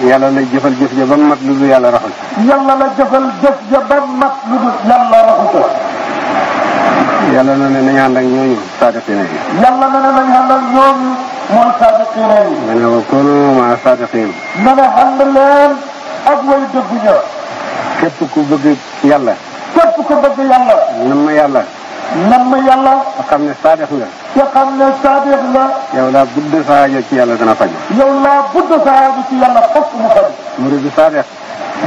yàlla la jëfal jëf ja ba mat lu dul yàlla raxul. yàlla la jëfal jëf ja ba mat lu dul yàlla raxul ko. yàlla na ne nañu ànd ak ñooñu saadiqiina yi. yàlla na ne nañu ànd ak ñooñu mooy saadiqiina yi. ma ne wa kunu maa saadiqiin. na ne ànd leen ak way dëgg ña. képp ku bëgg yàlla. képp ku bëgg yàlla. nam ma yàlla. nam ma yàlla. nga xam ne saadix nga. nga xam ne saadix nga. yow laa budd saa aajo ci yàlla dana faj. yow laa budd saa aajo ci yàlla fokk mu faj. muridu saadix.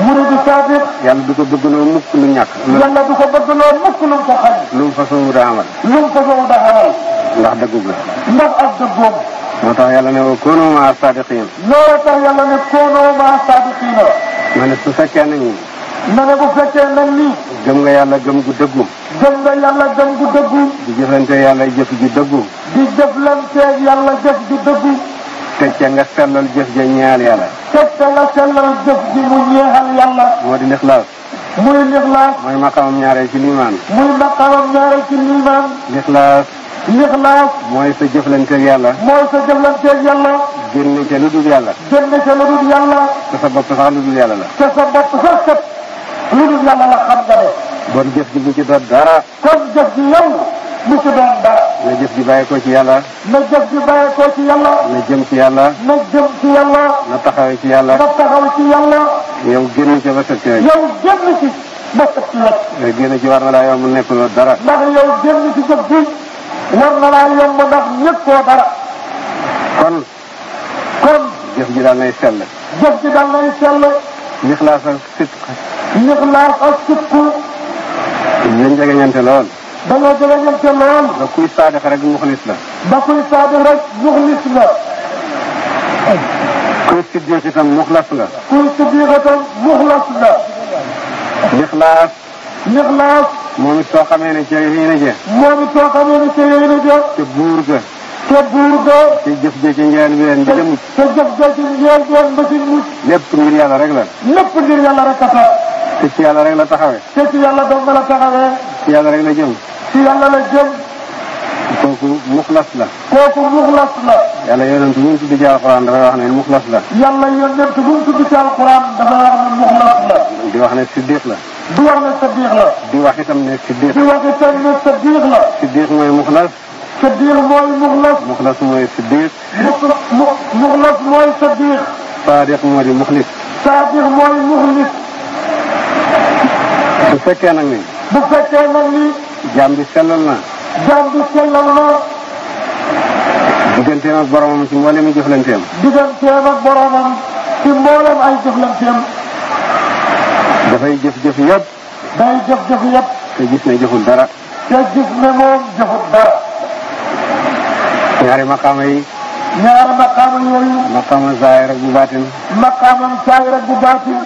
muridu saadix. yàlla du ko bëgg loo mukk lu ñàkk. yàlla du ko bëgg loo mukk lu mu ko xañ. lu mu fasoo daa amal. lu mu fasoo daa amal. ndax dëggu la. ndax ak dëggoom. moo tax yàlla ne koonoo maa saadiqiin. loolu tax yàlla ne koonoo maa saadiqiin. ma ne su fekkee ne na ne bu fekkee nag nii. gëm nga yàlla gëm gu dëggu. gëm nga yàlla gëm gu dëggu. di jëflante yàlla jëf ju dëggu. di jëflanteeg yàlla jëf ju dëggu. teg ca nga sellal jëf ja ñeel yàlla. teg ca nga sellal jëf ji mu ñeexal yàlla. moo di lixlaas. muy lixlaas. mooy maqamam ñaareel ci liimaan. muy maqamam ñaareel ci liimaan. lixlaas. lixlaas. mooy sa jëflanteeg yàlla. mooy sa jëflanteeg yàlla. génn ca lu dul yàlla. génn ca lu dul yàlla. te sa bopp sax yàlla la. te sa bopp lu dul yàlla la xam nga de. bon jëf gi bu ci doon dara. kon jëf gi yow lu ci doon dara. na jëf gi bàyyi ko ci yàlla. na jëf gi bàyyi ko ci yàlla. na jëm ci yàlla. na jëm ci yàlla. na taxaw ci yàlla. na taxaw ci yàlla. yow génn ci ba sëb ci yow génn ci ba sëb ci yow. génn ci war na laa yomb nekkuloo dara. ndax yow génn ci jëf gi war na laa yomb ndax nekkoo dara. kon. kon. jëf ji daal nay sell. jëf ji daal nay sell. lixlaas ak sidq Ixlaas ak Sikku. dañoo jegeñante lool. dañoo jegeñante lool. ba kuy saadix rek muxlis la. ba kuy saadix rek muxlis na kuy siddiq itam muxlas la. kuy siddiq itam muxlas la. Ixlaas. Ixlaas. moom it soo xamee ne ca yéen a moom it soo xamee ne ca yéen a jeex. ca buur ga. ca ga. ca jëf ja ci ween ba ca mucc. ca jëf ja ci ngeen ween ba ci mucc. lépp ngir yàlla rek la. lépp ngir yàlla rek la. te ci yàlla rek la taxawee. te ci yàlla dong la taxawee. ci yàlla rek la jëm. ci yàlla la jëm. kooku muxlas la. kooku muxlas la. yàlla yonent bu mu tudd ci alxuraan dafay wax ne muxlas la. yàlla yonent bu mu tudd ci alxuraan dafay wax ne muxlas la. di wax ne siddiq la. di wax ne siddiq la. di wax itam ne siddiq. di wax itam ne siddiq la. siddiq mooy muxlas. siddiq mooy muxlas. muxlas mooy siddiq. muxlas mooy siddiq. saadiq moo di muxlis. saadiq mooy muxlis. bu fekkee nag ni. bu fekkee nag ni. jaam bi sellal na. jaam bi sellal na. digganteem ak boromam ci mboolem ay jëflanteem. digganteem ak boromam ci mboolem ay jëflanteem. dafay jëf-jëf yëpp. day jëf-jëf yëpp. te gis ne jëful dara. te gis ne moom jëful dara. ñaari maqaama yi. ñaari maqaama yooyu. maqaama zaahir ak bu baatin. maqaamam zaahir ak bu baatin.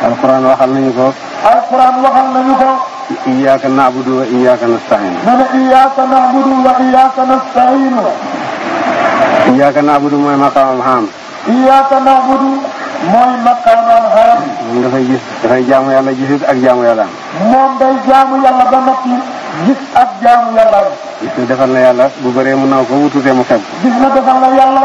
alquran waxal nañu ko. alquran waxal nañu ko. iyyaka na'budu wa iyyaka nasta'in. mu ne iyyaka na'budu wa iyyaka nasta'in. iyyaka na'budu mooy maqaamam xaam. iyyaka na'budu mooy maqaamam xaam. moom dafay gis dafay jaamu yàlla gisit ak jaamu yàlla. moom day jaamu yàlla ba noppi ak jaamu yàlla. gis na na yàlla bu bare mu naw ko bu tuutee mu xeeb. gis na defal na yàlla.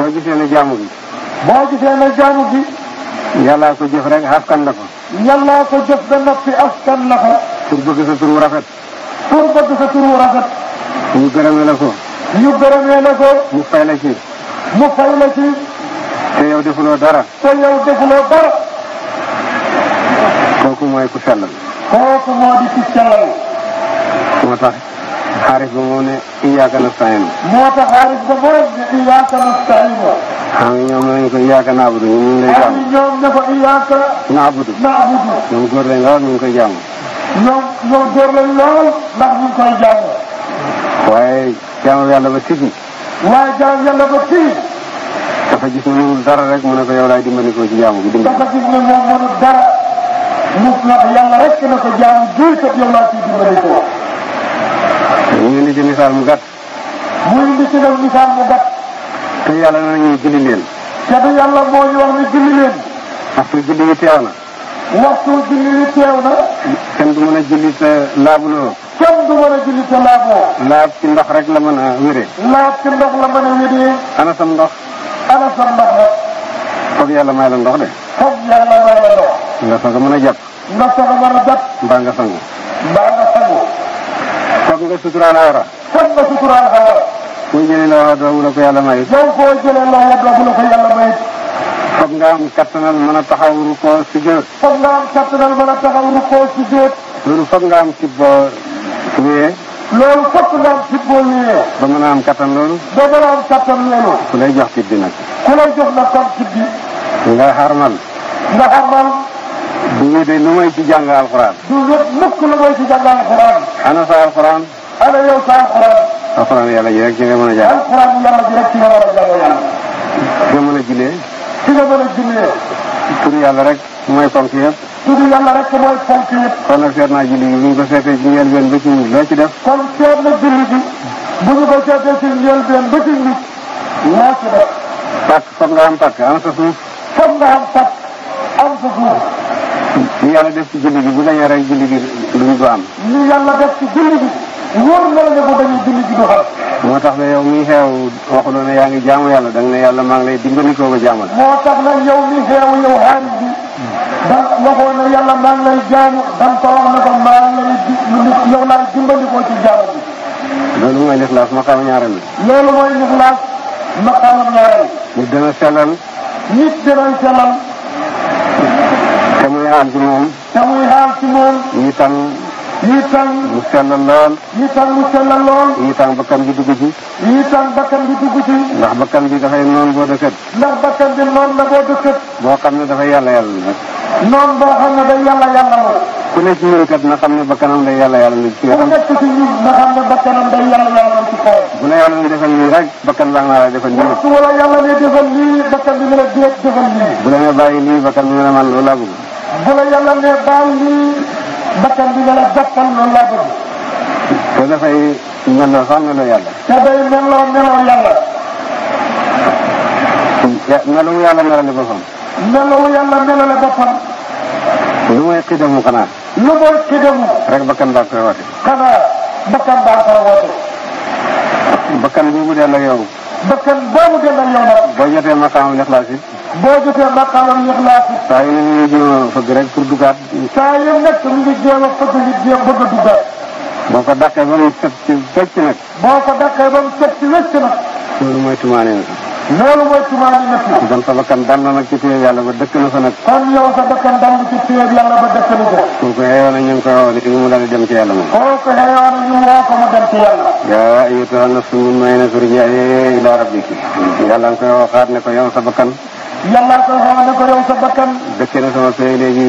boo gisee ne jaamu gi. boo gisee ne jaamu gi. yàllaa ko jëf rek askan la ko. yàllaa ko jëf ba noppi askan la ko. pour bëgg sa turu rafet. pour bëgg sa turu rafet. ñu gërëmee la ko. ñu gërëmee la ko. mu fay la ci. mu fay la ci. te yow defuloo dara. te yow defuloo dara. kooku mooy ku sellal. kooku moo di ku sellal. moo tax. xaaris ba moo ne iyaaka nasta'iin moo tax xaaris ba moo ne iyaaka nasta'iin xam nga ñoom nañu ko iyaaka naabudu ñu ngi lay jaamu ñoom ne ko iyaaka naabudu naabudu ñoom góor lañ lool ñu ngi koy jaamu ñoom ñoom góor lañ lool ndax ñu ngi koy jaamu waaye jaamu yàlla ba tiit waaye jaamu yàlla ba tiit dafa gis ne mënul dara rek mu ne ko yow laay dimbali ko ci jaamu bi dimbali dafa gis ne moom mënul dara mu ne ko yàlla rek na ko jaamu jur yow laa ciy dimbali ko ñu indi ci misaal mu gàtt. ñu indi ci misaal mu gàtt. te yàlla na ñu julli leen. te yàlla moo ñu wax ni julli leen. waxtu julli wi teew na. waxtu julli wi teew na. kenn du mën a julli te laabuloo. kenn du mën a julli te laaboo. ndox rek la mën ndox la ndox. foog yàlla may la ndox de. foog yàlla may la ndox. nga soog mën a jàpp. nga sangu. mbaa nga sangu. xam nga suturaan awra. xam nga suturaan awra. boo la ko yàlla may. yow boo jëlee loola la ko yàlla may. foog nga kattanal mën a taxaw rukoo si jël. kattanal mën a taxaw rukoo si jël. loolu foog loolu foog nga am kit boo ba mën a am kattan loolu. ba mën a am kattan loolu. ku lay jox kit bi nag. ku lay jox nag tam kit bi. nga xarmal. nga xarmal. du wéy de lu ana sa alxuraan. ana yow sa alxuraan. alxuraan yàlla ji rek ci nga mën a jaar. alxuraan yàlla ji rek ci nga mën a jaar yàlla. nga mën a jullee. ci nga mën a jullee. tur yàlla rek mooy ponk yëpp. tur yàlla rek mooy ponk yëpp. kon nag seet naa julli bi bu ñu ko seetee ci njëlbeen ba ci nit loo ci def. kon seet na julli bi bu ñu ko seetee ci njëlbeen ba ci nit loo ci def. pàkk foog nga am pàkk am sa suuf. foog nga am pàkk am sa suuf. li yàlla def ci julli gi bu la yoree julli gi lu ñu du am. li yàlla def ci julli gi wóor na la ne bu dañuy julli gi du xam. moo tax ne yow mii xeew waxuloo ne yaa ngi jaamu yàlla da nga ne yàlla maa ngi lay dimbali koo ba jaamal. moo tax nag yow mii xeew yow xaar bi da waxoo ne yàlla maa ngi lay jaamu dan torox na ko maa ngi lay di yow laay dimbali koo ci jaamu bi. loolu mooy lixlaas maqaama ñaareel bi. loolu mooy lixlaas maqaama ñaareel. nit dana sellal. nit dana sellal. te muy xaal ci moom. te muy xaal ci moom. ñii tam. ñii tam. mu sell lool. ñii tam mu sell lool. ñii tam bakkan bi dugg ci. ñii tam bakkan bi dugg ci. ndax bakkan bi dafay noon boo dëkkat. ndax bakkan bi noon la boo dëkkat. boo xam ne dafay yàlla yàlla nag. noon boo xam ne day yàlla yàlla la. ku nekk ci ñun kat na xam ne bakkanam day yàlla yàlla ci yaram. ku nekk ci ñun na xam ne bakkanam day yàlla yàlla ci kaw. bu la yàlla ne defal nii rek bakkan baa nga la defal nii. su la yàlla ne defal nii bakkan bi nga la déet defal nii. bu la nga bàyyi nii bakkan bi nga la man loolu laa bëgg bu la yàlla ne baal lii bakkan bi nga la jàppal loolu laa bëgg. te dafay meloo sax meloo yàlla. te day meloo meloo yàlla. ya melu yàlla melale boppam. melu yàlla melale boppam. lu mooy xidamu xanaa. lu mooy xidamu. rek bakkan baa koy woote. xanaa bakkan baa koy woote. bakkan boobu delloo bakkan boobu delloo yow nag. boo jotee maqaamam lixlaas yi. boo jotee maqaamam lixlaas yi. saa yu ne ñu ngi jéem a fëgg rek pour duggaat. saa yu nekk ñu ngi jéem a fëgg ñu jéem bëgg a duggaat. boo ko dàqee ba mu set ci wécc nag. boo ko dàqee ba mu set ci wécc nag. loolu mooy tumaane na. loolu mooy tumaani nattu. kon sa bakkan dal na nag ci téye yàlla ba dëkk na fa nag. kon yow sa bakkan dal na ci téye yàlla ba dëkk na fa. kooku xëyoon na ñu ngi koy woo ni mu daal di dem ci yàlla moom. kooku xëyoon na ñu ngi woo ko mu dem ci yàlla. yaa ayyatuha nafsu mutma'innatu irji'i ila rabbiki. yàlla nga koy waxaat ne ko yow sa bakkan. yàlla nga koy waxaat ne ko yow sa bakkan. dëkk na sama pay léegi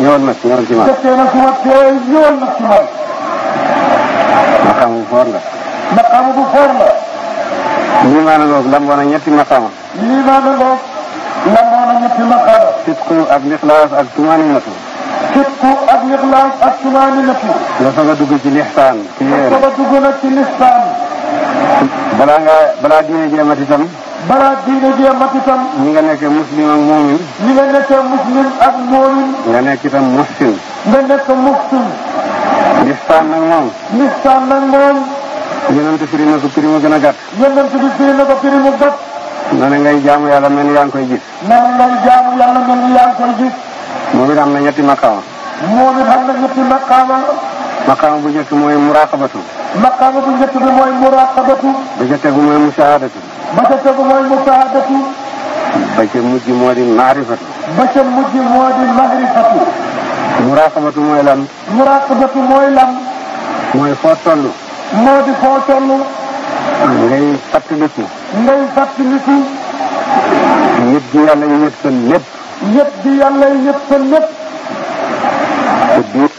ñëwal nag ñëwal ci man. dëkk na sama pay ñëwal nag ci man. maqaamu bu foor la. maqaamu bu foor la. lii maanaam lamboon na ñetti maqaama. lii maanaam lamboon na ñetti maqaama. sitku ak lixlaas ak tumaninatu. sitku ak lixlaas ak tumaninatu. la soog a dugg ci lixsaan. ci yéen la soog a dugg balaa ngaa balaa diine jéemati tam. balaa ñi nga nekkee muslim ak moomin. ñi nga nekkee muslim ak moomin. nga nekk itam muhsin. nga nekk muhsin. lixsaan nag yonent firi na ko firi mu gën a gàtt. yonent bi firi na ko firi mu gàtt. na ne ngay jaamu yàlla mel ni yaa ngi koy gis. na ne ngay jaamu yàlla mel ni yaa ngi koy gis. moom it am na ñetti makaama. moom it am na ñetti makaama. makaama bu njëkk mooy muraqabatu. makaama bu njëkk bi mooy muraqabatu. ba ca tegu mooy mushahadatu. ba ca tegu mooy mushahadatu. ba ca mujj moo di maarifatu. ba ca mujj moo di maarifatu. muraqabatu mooy lan. muraqabatu mooy lan. mooy foo toll. moo di foo toll. ngay fàttaliku. ngay fàttaliku. ñëpp gi yàlla yi ñëpp seen lépp. ñëpp gi yàlla yi ñëpp seen lépp. te biir.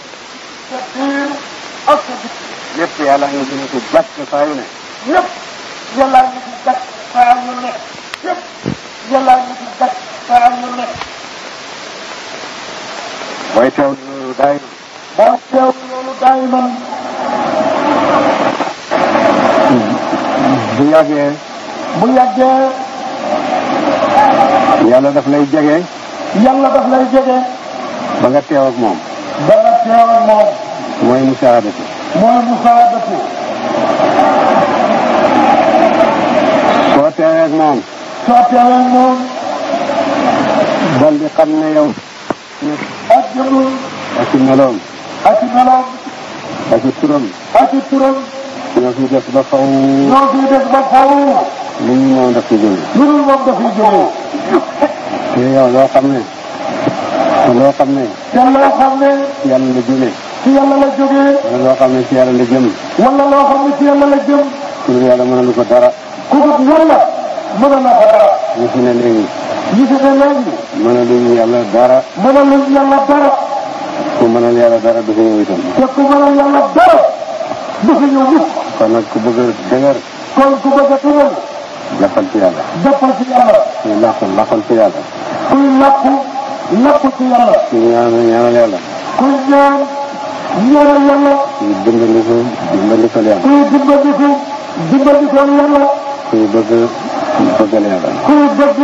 te biir ak lépp yàlla ngi gën ko jàpp saa yu ne. ñëpp yàlla ngi ci jàpp saa yu ne. ñëpp yàlla ngi ci jàpp saa yu ne. mooy teew loolu daay. daa teew loolu daay man. bu yàggee bu yàggee yàlla daf lay jege yàlla daf lay jege ba nga teew ak moom ba nga teew ak moom mooy musaadatu mooy musaadatu soo teewee ak moom soo teewee ak moom dal di xam yow ak jëmul ak ci ak ci ak turam ak turam ñoo fi des ba xaw. ñoo fi des ba xaw. lu ñu moom daf fi jógee. lu ñu moom daf fi jógee. te yow loo xam ne. loo xam ne. te loo xam ne. yàlla la jógee. ci yàlla la jógee. wala loo xam ne ci yàlla la jëm. wala loo xam ne ci yàlla la jëm. ku dul yàlla mënalu ko dara. ku dul yàlla mënalu ko dara. ñu fi ne léegi. ñu fi ne léegi. mënaluñu yàlla dara. mënaluñu yàlla dara. ku mënal yàlla dara du ko yow itam. te ku mënal yàlla dara. bëgg ñëw mukk. kon nag ku bëgg a dëgër. kon ku bëgg a tëral. jàppal ci yàlla. jàppal ci yàlla. kuy làqu làqal ci yàlla. kuy làqu làqu ci yàlla. kuy ñaan ñaanal yàlla. kuy ñaan ñaanal yàlla. kuy dimbandiku dimbandiku yàlla. kuy dimbandiku dimbandiku yàlla. kuy bëgg bëggal yàlla. kuy bëgg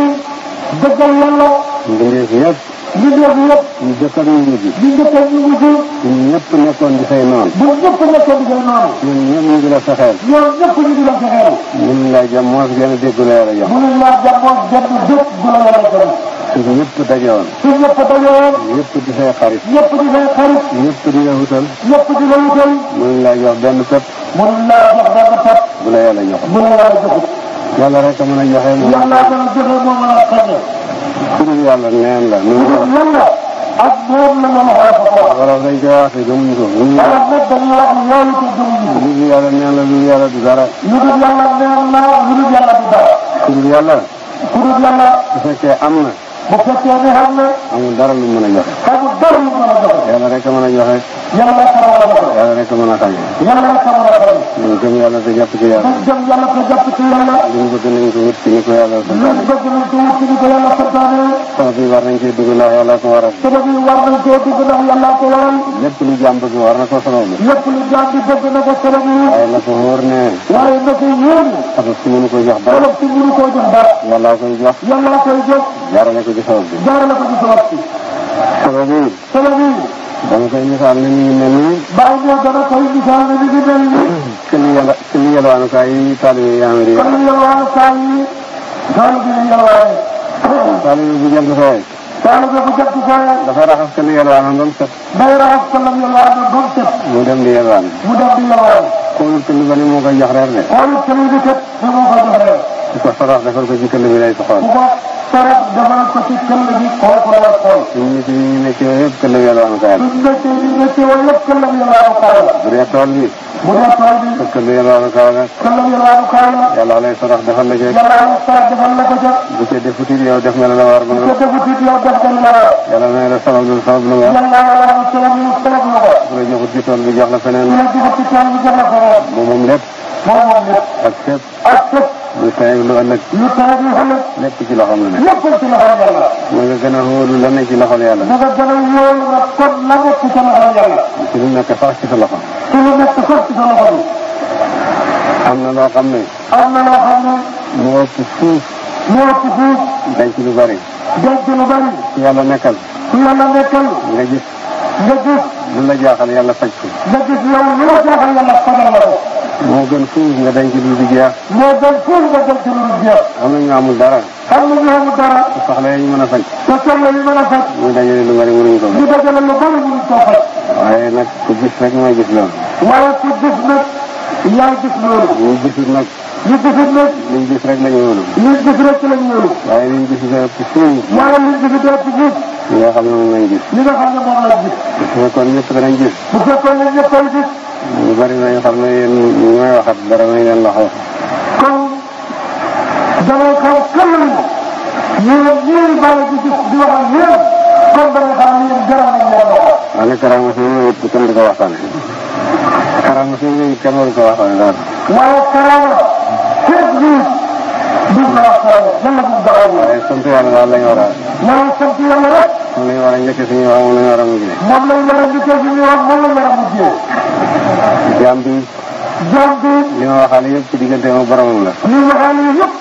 bëggal yàlla. mbindeef yëpp. li ñëw yëpp. ñu jëkkoon ñu mujj. ñu jëkkoon ñu mujj. ñun ñëpp nekkoon di say noonu. ñun ñëpp nekkoon di say noonu. ñun ñëpp ñu ngi la fexeel. ñoom ñëpp ñu ngi la fexeel. ñun laa jëm moos gën a dégg la yàlla jox. ñun laa jëm moos gën a dégg la yàlla jox. su ñëpp dajewoon. su ñëpp dajewoon. ñëpp di say xarit. ñëpp di say xarit. ñëpp di la wutal. ñëpp di la wutal. mënuñ laa jox benn pepp. mënuñ laa jox benn pepp. bu la yàlla joxul. bu la yàlla joxul. yàlla rek a mën a joxe moom. yàlla ku dul yàlla neen la. neen la ak moom la ñu xool. wala dañ koy wax te gëmuñ ko. wala nag dañuy wax loolu te gëmuñ ko. lu dul yàlla neen la lu dul yàlla du dara. lu dul yàlla neen la lu dul yàlla du dara. ku dul yàlla. ku dul yàlla. bu fekkee am na. bu fekkee ne xam na. amul dara lu mën a joxe. amul dara lu mën a joxe. yàlla rek a mën a joxe. yàlla na sama war a bokkal. yàlla rek mën a xam. yàlla rek sama war a xam. ñu gëm yàlla te jàpp ci yàlla. ñu gëm yàlla te jàpp ci yàlla. li mu bëgg nañ ko wut ci ni ko yàlla santaane. li mu bëgg nañ ko wut ci ni ko yàlla santaane. sabab yi war nañ cee dugg ndax yàlla ko waral. sabab yi war nañ cee dugg ndax yàlla ko waral. lépp lu jaam bëgg war na ko sabab yi. lépp lu jaam bi bëgg na ko sabab yi. waaye na ko wóor ne. waaye na ko wóor ne. sabab si mënu ko jox dara. sabab si mënu ko jox dara. yàlla koy jox. yàlla koy jox. jaarale ko ci sabab bi. jaarale ko ci sabab bi. sabab yi. sabab yi. dana koy misaal ne mi ngi mel ni. bàyyi ne dana koy misaal ne mi ngi mel ni. suñu yàlla suñu yalwaanukaay yi taalibe yi am réer. suñu yalwaanukaay yi. taalibe yi yalwaay. taalibe bu jant sooyee. taalibe bu jant sooyee. dafa raxas kenn yalwaanam ba mu set. day raxas kenn yalwaanam ba mu set. mu dem di yalwaan. mu dem di yalwaan. xoolul kenn ba ni moo koy jox reer de. xoolul kenn bi kat ni moo koy jox reer. ku ko sarax defal ko jikkal bi lay soxal. sarab damaa ko ci këll bi kooku la xool. suñ ne si ñu ne teew yëpp këll bi la am kaay la. suñ ne si ñu ne teew yëpp këll bi la am kaay la. bu dee tool bi. bu dee tool bi. te këll bi la am kaay la. këll bi la am kaay la. yàlla lay sarax defal la jeeg. yàlla lay sarax defal la ko jeeg. bu ca defut it yow def nga la la war. bu ca defut it yow def nga la la war. yàlla na la sabab lu sabab lu war. yàlla na la sabab lu sabab lu war. bu la joxut ci tool bi jox la feneen. bu la joxut ci tool bi jox la feneen. moom moom lépp. moom moom lépp. ak fépp. ak fépp. mu taaylu ëllëg. mu taaylu ëllëg. lépp ci loxoom la ne. lépp ci loxoom yàlla. ma nga gën a wóolu la ne ci loxol yàlla. ma nga gën a wóolu la kon la nekk ci sa loxol yàlla. ci lu nekk sax ci sa loxo. ci lu nekk sax ci sa loxo bi. am na loo xam ne. am na loo xam ne. moo ci suuf. moo ci suuf. denc lu bari. denc lu bari. yàlla nekkal. yàlla nekkal. nga gis. nga gis. lu la jaaxal yàlla faj ko. nga gis yow lu la jaaxal yàlla fajal la ko. moo gën fuuf nga denc lu du jeex. moo gën fuuf nga denc lu du jeex. am na ñu amul dara. am na ñu amul dara. te soxla yi ñu mën a faj. te soxla yi mën a faj. ñu dajale lu bari mënuñ ko faj. ñu dajale lu bari mënuñ ko faj. waaye nag ku gis rek mooy gis loolu. waaye ku gis nag yaa gis loolu. ñu gisul nag. ñu gisul nag. liñ gis rek lañ wóolu. liñ gis rek lañ wóolu. waaye liñ gis dara ci suuf. waaye liñ gis dara ci suuf. li nga xam ne moom lañ gis. li nga xam ne moom lañ gis. bu fekkoon ñëpp danañ gis. bu fekkoon ñëpp danañ gis. ñu bëri na ñu xam ne yéen ñu may waxat dara nañ leen la xaw. kon dama kaw kàlla nañ ko. ñoom ñooy bàyyi di di di wax ak yéen kon dama xam ne yéen dara nañ leen la xaw. ma ne karaama si yooyu it kenn du ko waxtaane. karaama si yooyu kenn du ko waxtaane daal. waaye karaama képp gi duñ ko waxtaane nan la ko doxee. waaye sant yàlla daal lañ war a. waaye sant yàlla rek. moom la ñu war a njëkkee suñuy wax moom la ñu war a mujjee. moom la ñu war a njëkkee suñuy wax moom la ñu war a mujjee. jaam bi. jaam bi. li ma waxaale yëpp ci digganteem ak boromam la. li ma waxaale yëpp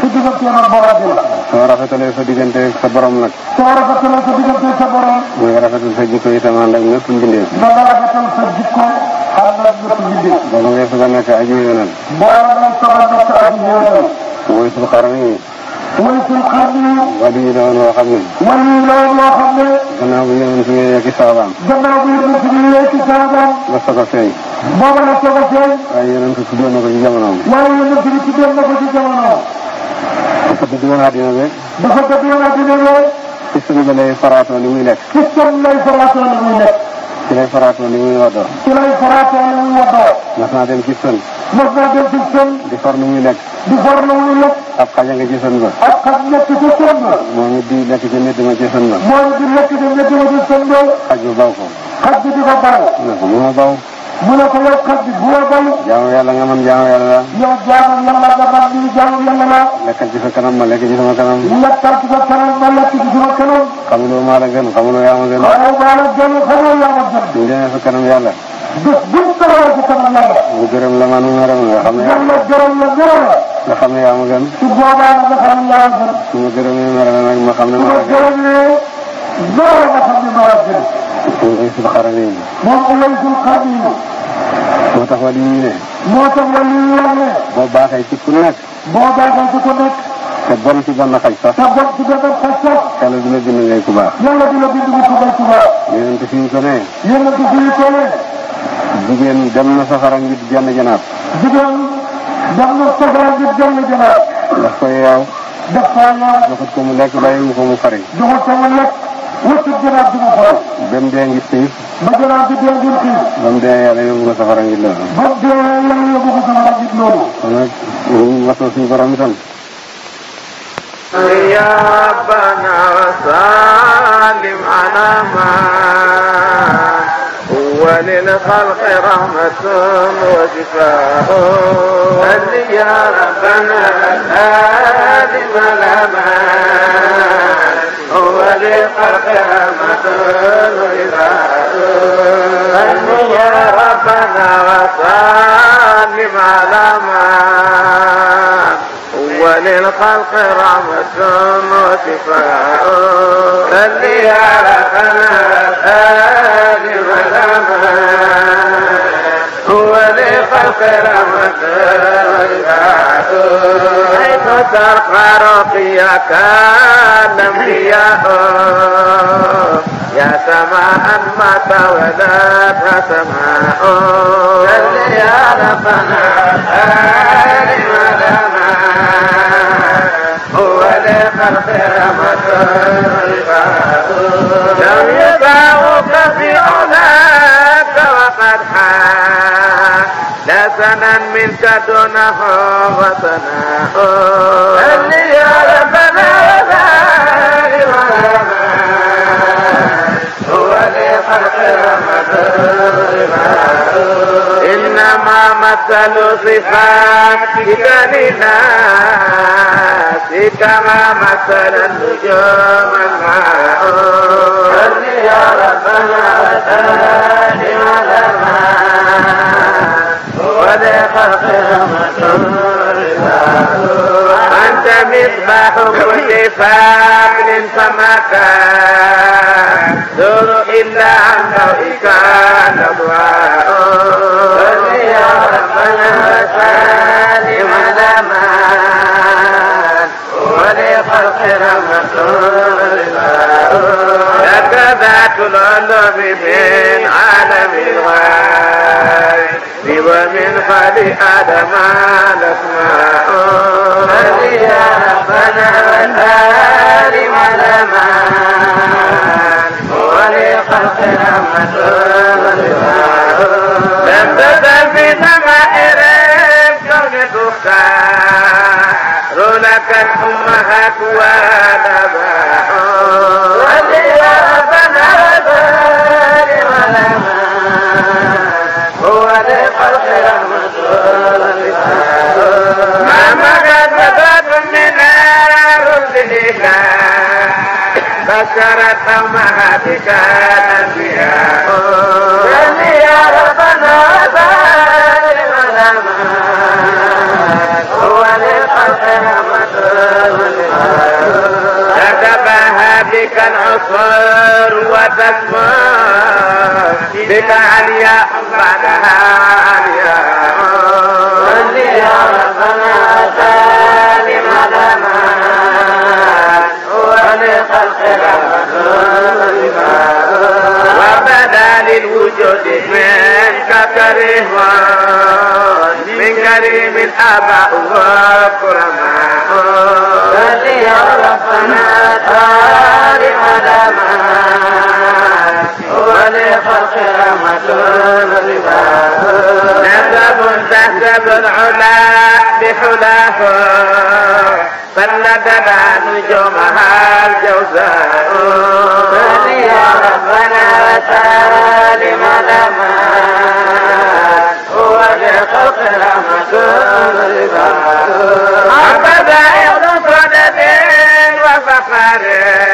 ci digganteem ak boromam la. soo rafetalee sa diggante sa borom nag. soo rafetalee sa diggante sa borom. bu nga rafetal sa jikko itam ànd ak ñëpp mbindeef. da nga rafetal sa jikko ànd ak ñëpp mbindeef. boo ma weesu ba nekk aji yéwénal. boo ma weesu ba nekk aji yéwénal. wóoy suñu xarala yi. mooy suñ xar bi. wàllu yi la woon loo xam ne. wàllu yi la woon loo xam ne. gannaaw bi yéen a ngi fi ñëwee ci saabaam. gannaaw bi yéen a ngi fi ñëwee ci saabaam. la soog a feeñ. booba la soog a feeñ. waaye yéen a ngi fi tuddoon na ko ci jamonoom. waaye yéen a ngi fi tuddoon na ko ci jamonoom. dafa dëgg woon àddina bi. dafa dëgg woon àddina bi. système bi lay faraatoo li muy nekk. système lay faraatoo li muy nekk. ci lay faraatoo li muy woddoo. ci lay faraatoo li muy woddoo. mas naa dem ci sën. mas naa dem ci sën. di far li muy nekk. di bor loolu lépp. ab xaj a nga gisoon ba. ab xaj nekk ca sën ba. moo ngi di lekk ca mbedd ma ca sën ba. moo ngi di lekk ca mbedd ma ca sën ba. xaj bu baw ko. xaj bi di ko baw. mu ne ko bu ma baw. mu ne ko yow xaj bi bu ma baw. jaamu yàlla nga man jaamu yàlla la. yow jaamu yàlla nga man lii jaamu yàlla la. lekkal ci sa kanam ma lekk ci sama kanam. lekkal ci sa kanam ma lekk ci sama kanam. xamuloo maa la gën xamuloo yaa ma gën. xamuloo maa la gën xamuloo yaa ma gën. ñu demee sa kanam yàlla. bés bu ñu taxawal ci kanam yàlla. mu gërëm la man mu gërëm la xam ne. yàlla gërëm la gërëm la nga xam ne yaa ma gën. su boobaa nga xam ne yaa ma gën. su ma gërëmee ma ne nag ma xam ne ma la gën. su ma gërëmee loolu nga xam ne ma la gën. moom laysul xaraniin. moom laysul xaraniin. moo tax wàllu yi ne. moo tax wàllu yi ne. boo baaxee ci ku nekk. boo baaxee ci ku nekk. te bon ci benn xaj sax. te bon ci benn xaj sax. yàlla du la bind ngay ku baax. yàlla du la bind ngay ku baax. yéen a suñu ko nee. yéen a suñu ko nee. jigéen dem na safara ngir jenn janaat. jigéen. ndax nga soxla bi jënd dina. daf koy yaaw. daf koy yaaw. joxut ko mu lekk bàyyi wu ko mu xare. joxut ko mu lekk wëccëg gannaaw bi mu xare. ba mu dee ngi xiif. ba gannaaw bi dee ngi xiif. ba mu dee yàlla yóbbu ko safara ngi loolu. ba mu dee yàlla yóbbu ko safara ngi loolu. kon nag ñu wasoo suñu borom itam. يا بنا سالم على ما وللخلق رحمة وشفاء هل يا ربنا هادم الأمان وللخلق رحمة وشفاء هل يا ربنا وسلم على من وللخلق رحمة وشفاء صلي على آل مدامة هو لخلق رحمة وشفاء حيث ترقى رقيك الأنبياء يا سماء ما تولت سماء صلي على فناء آل لخلق مصرفه لم يدعوك في علاك وقد حا لسنا منك دونه وثناء اللي ربنا هو لخلق مصرفه أحسن صفاتك لناس كما مثل النجوم الماء صل يا ربنا وسلم على ولخلق أنت مصباح كل فاعل فما كان دور إلا عن ضوئك نضوى وكرم لك ذات الأدب في عالم الغيب ومن قد آدم الأسماء يا ربنا والآل والأمان ولخلق رحمة لله بشرت امهاتك الانبياء سمي يا ربنا هو للخلق رحمة تتباهى بك العصور وتسمى بك علياء بعدها Thank you. للخلق مسؤول رباه نسب تحسب العلا بحلاه فلدنا نجومها الجوزاء يا ربنا وسالم لما هو للخلق رحمة رباه عبد إغلق ودين وفخر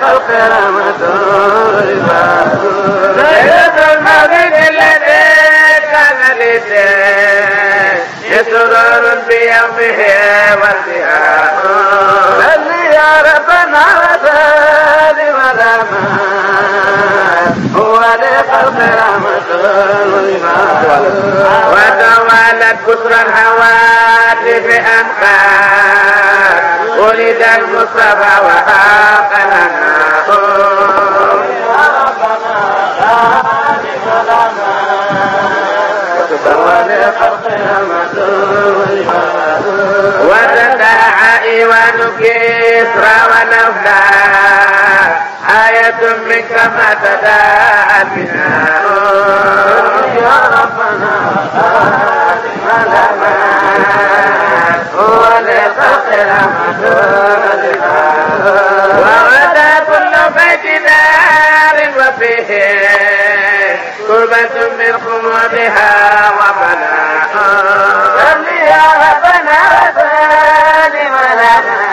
ڪيڙا ورندڙ ماڻهو ريڙا هو لخلق رحمة وتوالت بشرى الهواتف أنفاس ولد المصطفى وحاق لنا وتداعى إيوان كسرى آية منك ما تداعى بنا يا ربنا لنا ولفقر مدودنا وغدا كل بيت دار وفيه قربة من خمودها وبنا صل يا ربنا وسلم لنا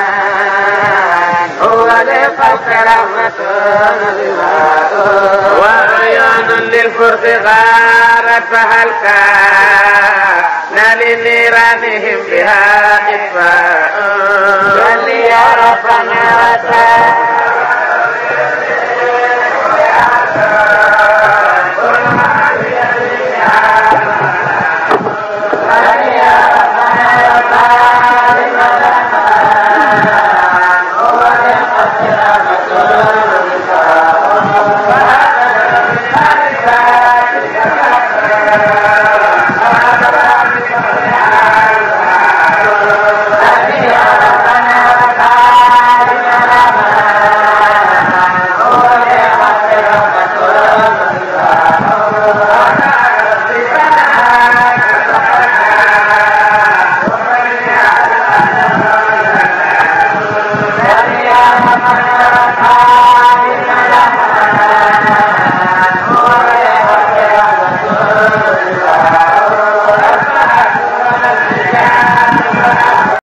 وعيون للفرس غارت فهل كان لنيرانهم بها إطفاء صل يا ربنا وسلم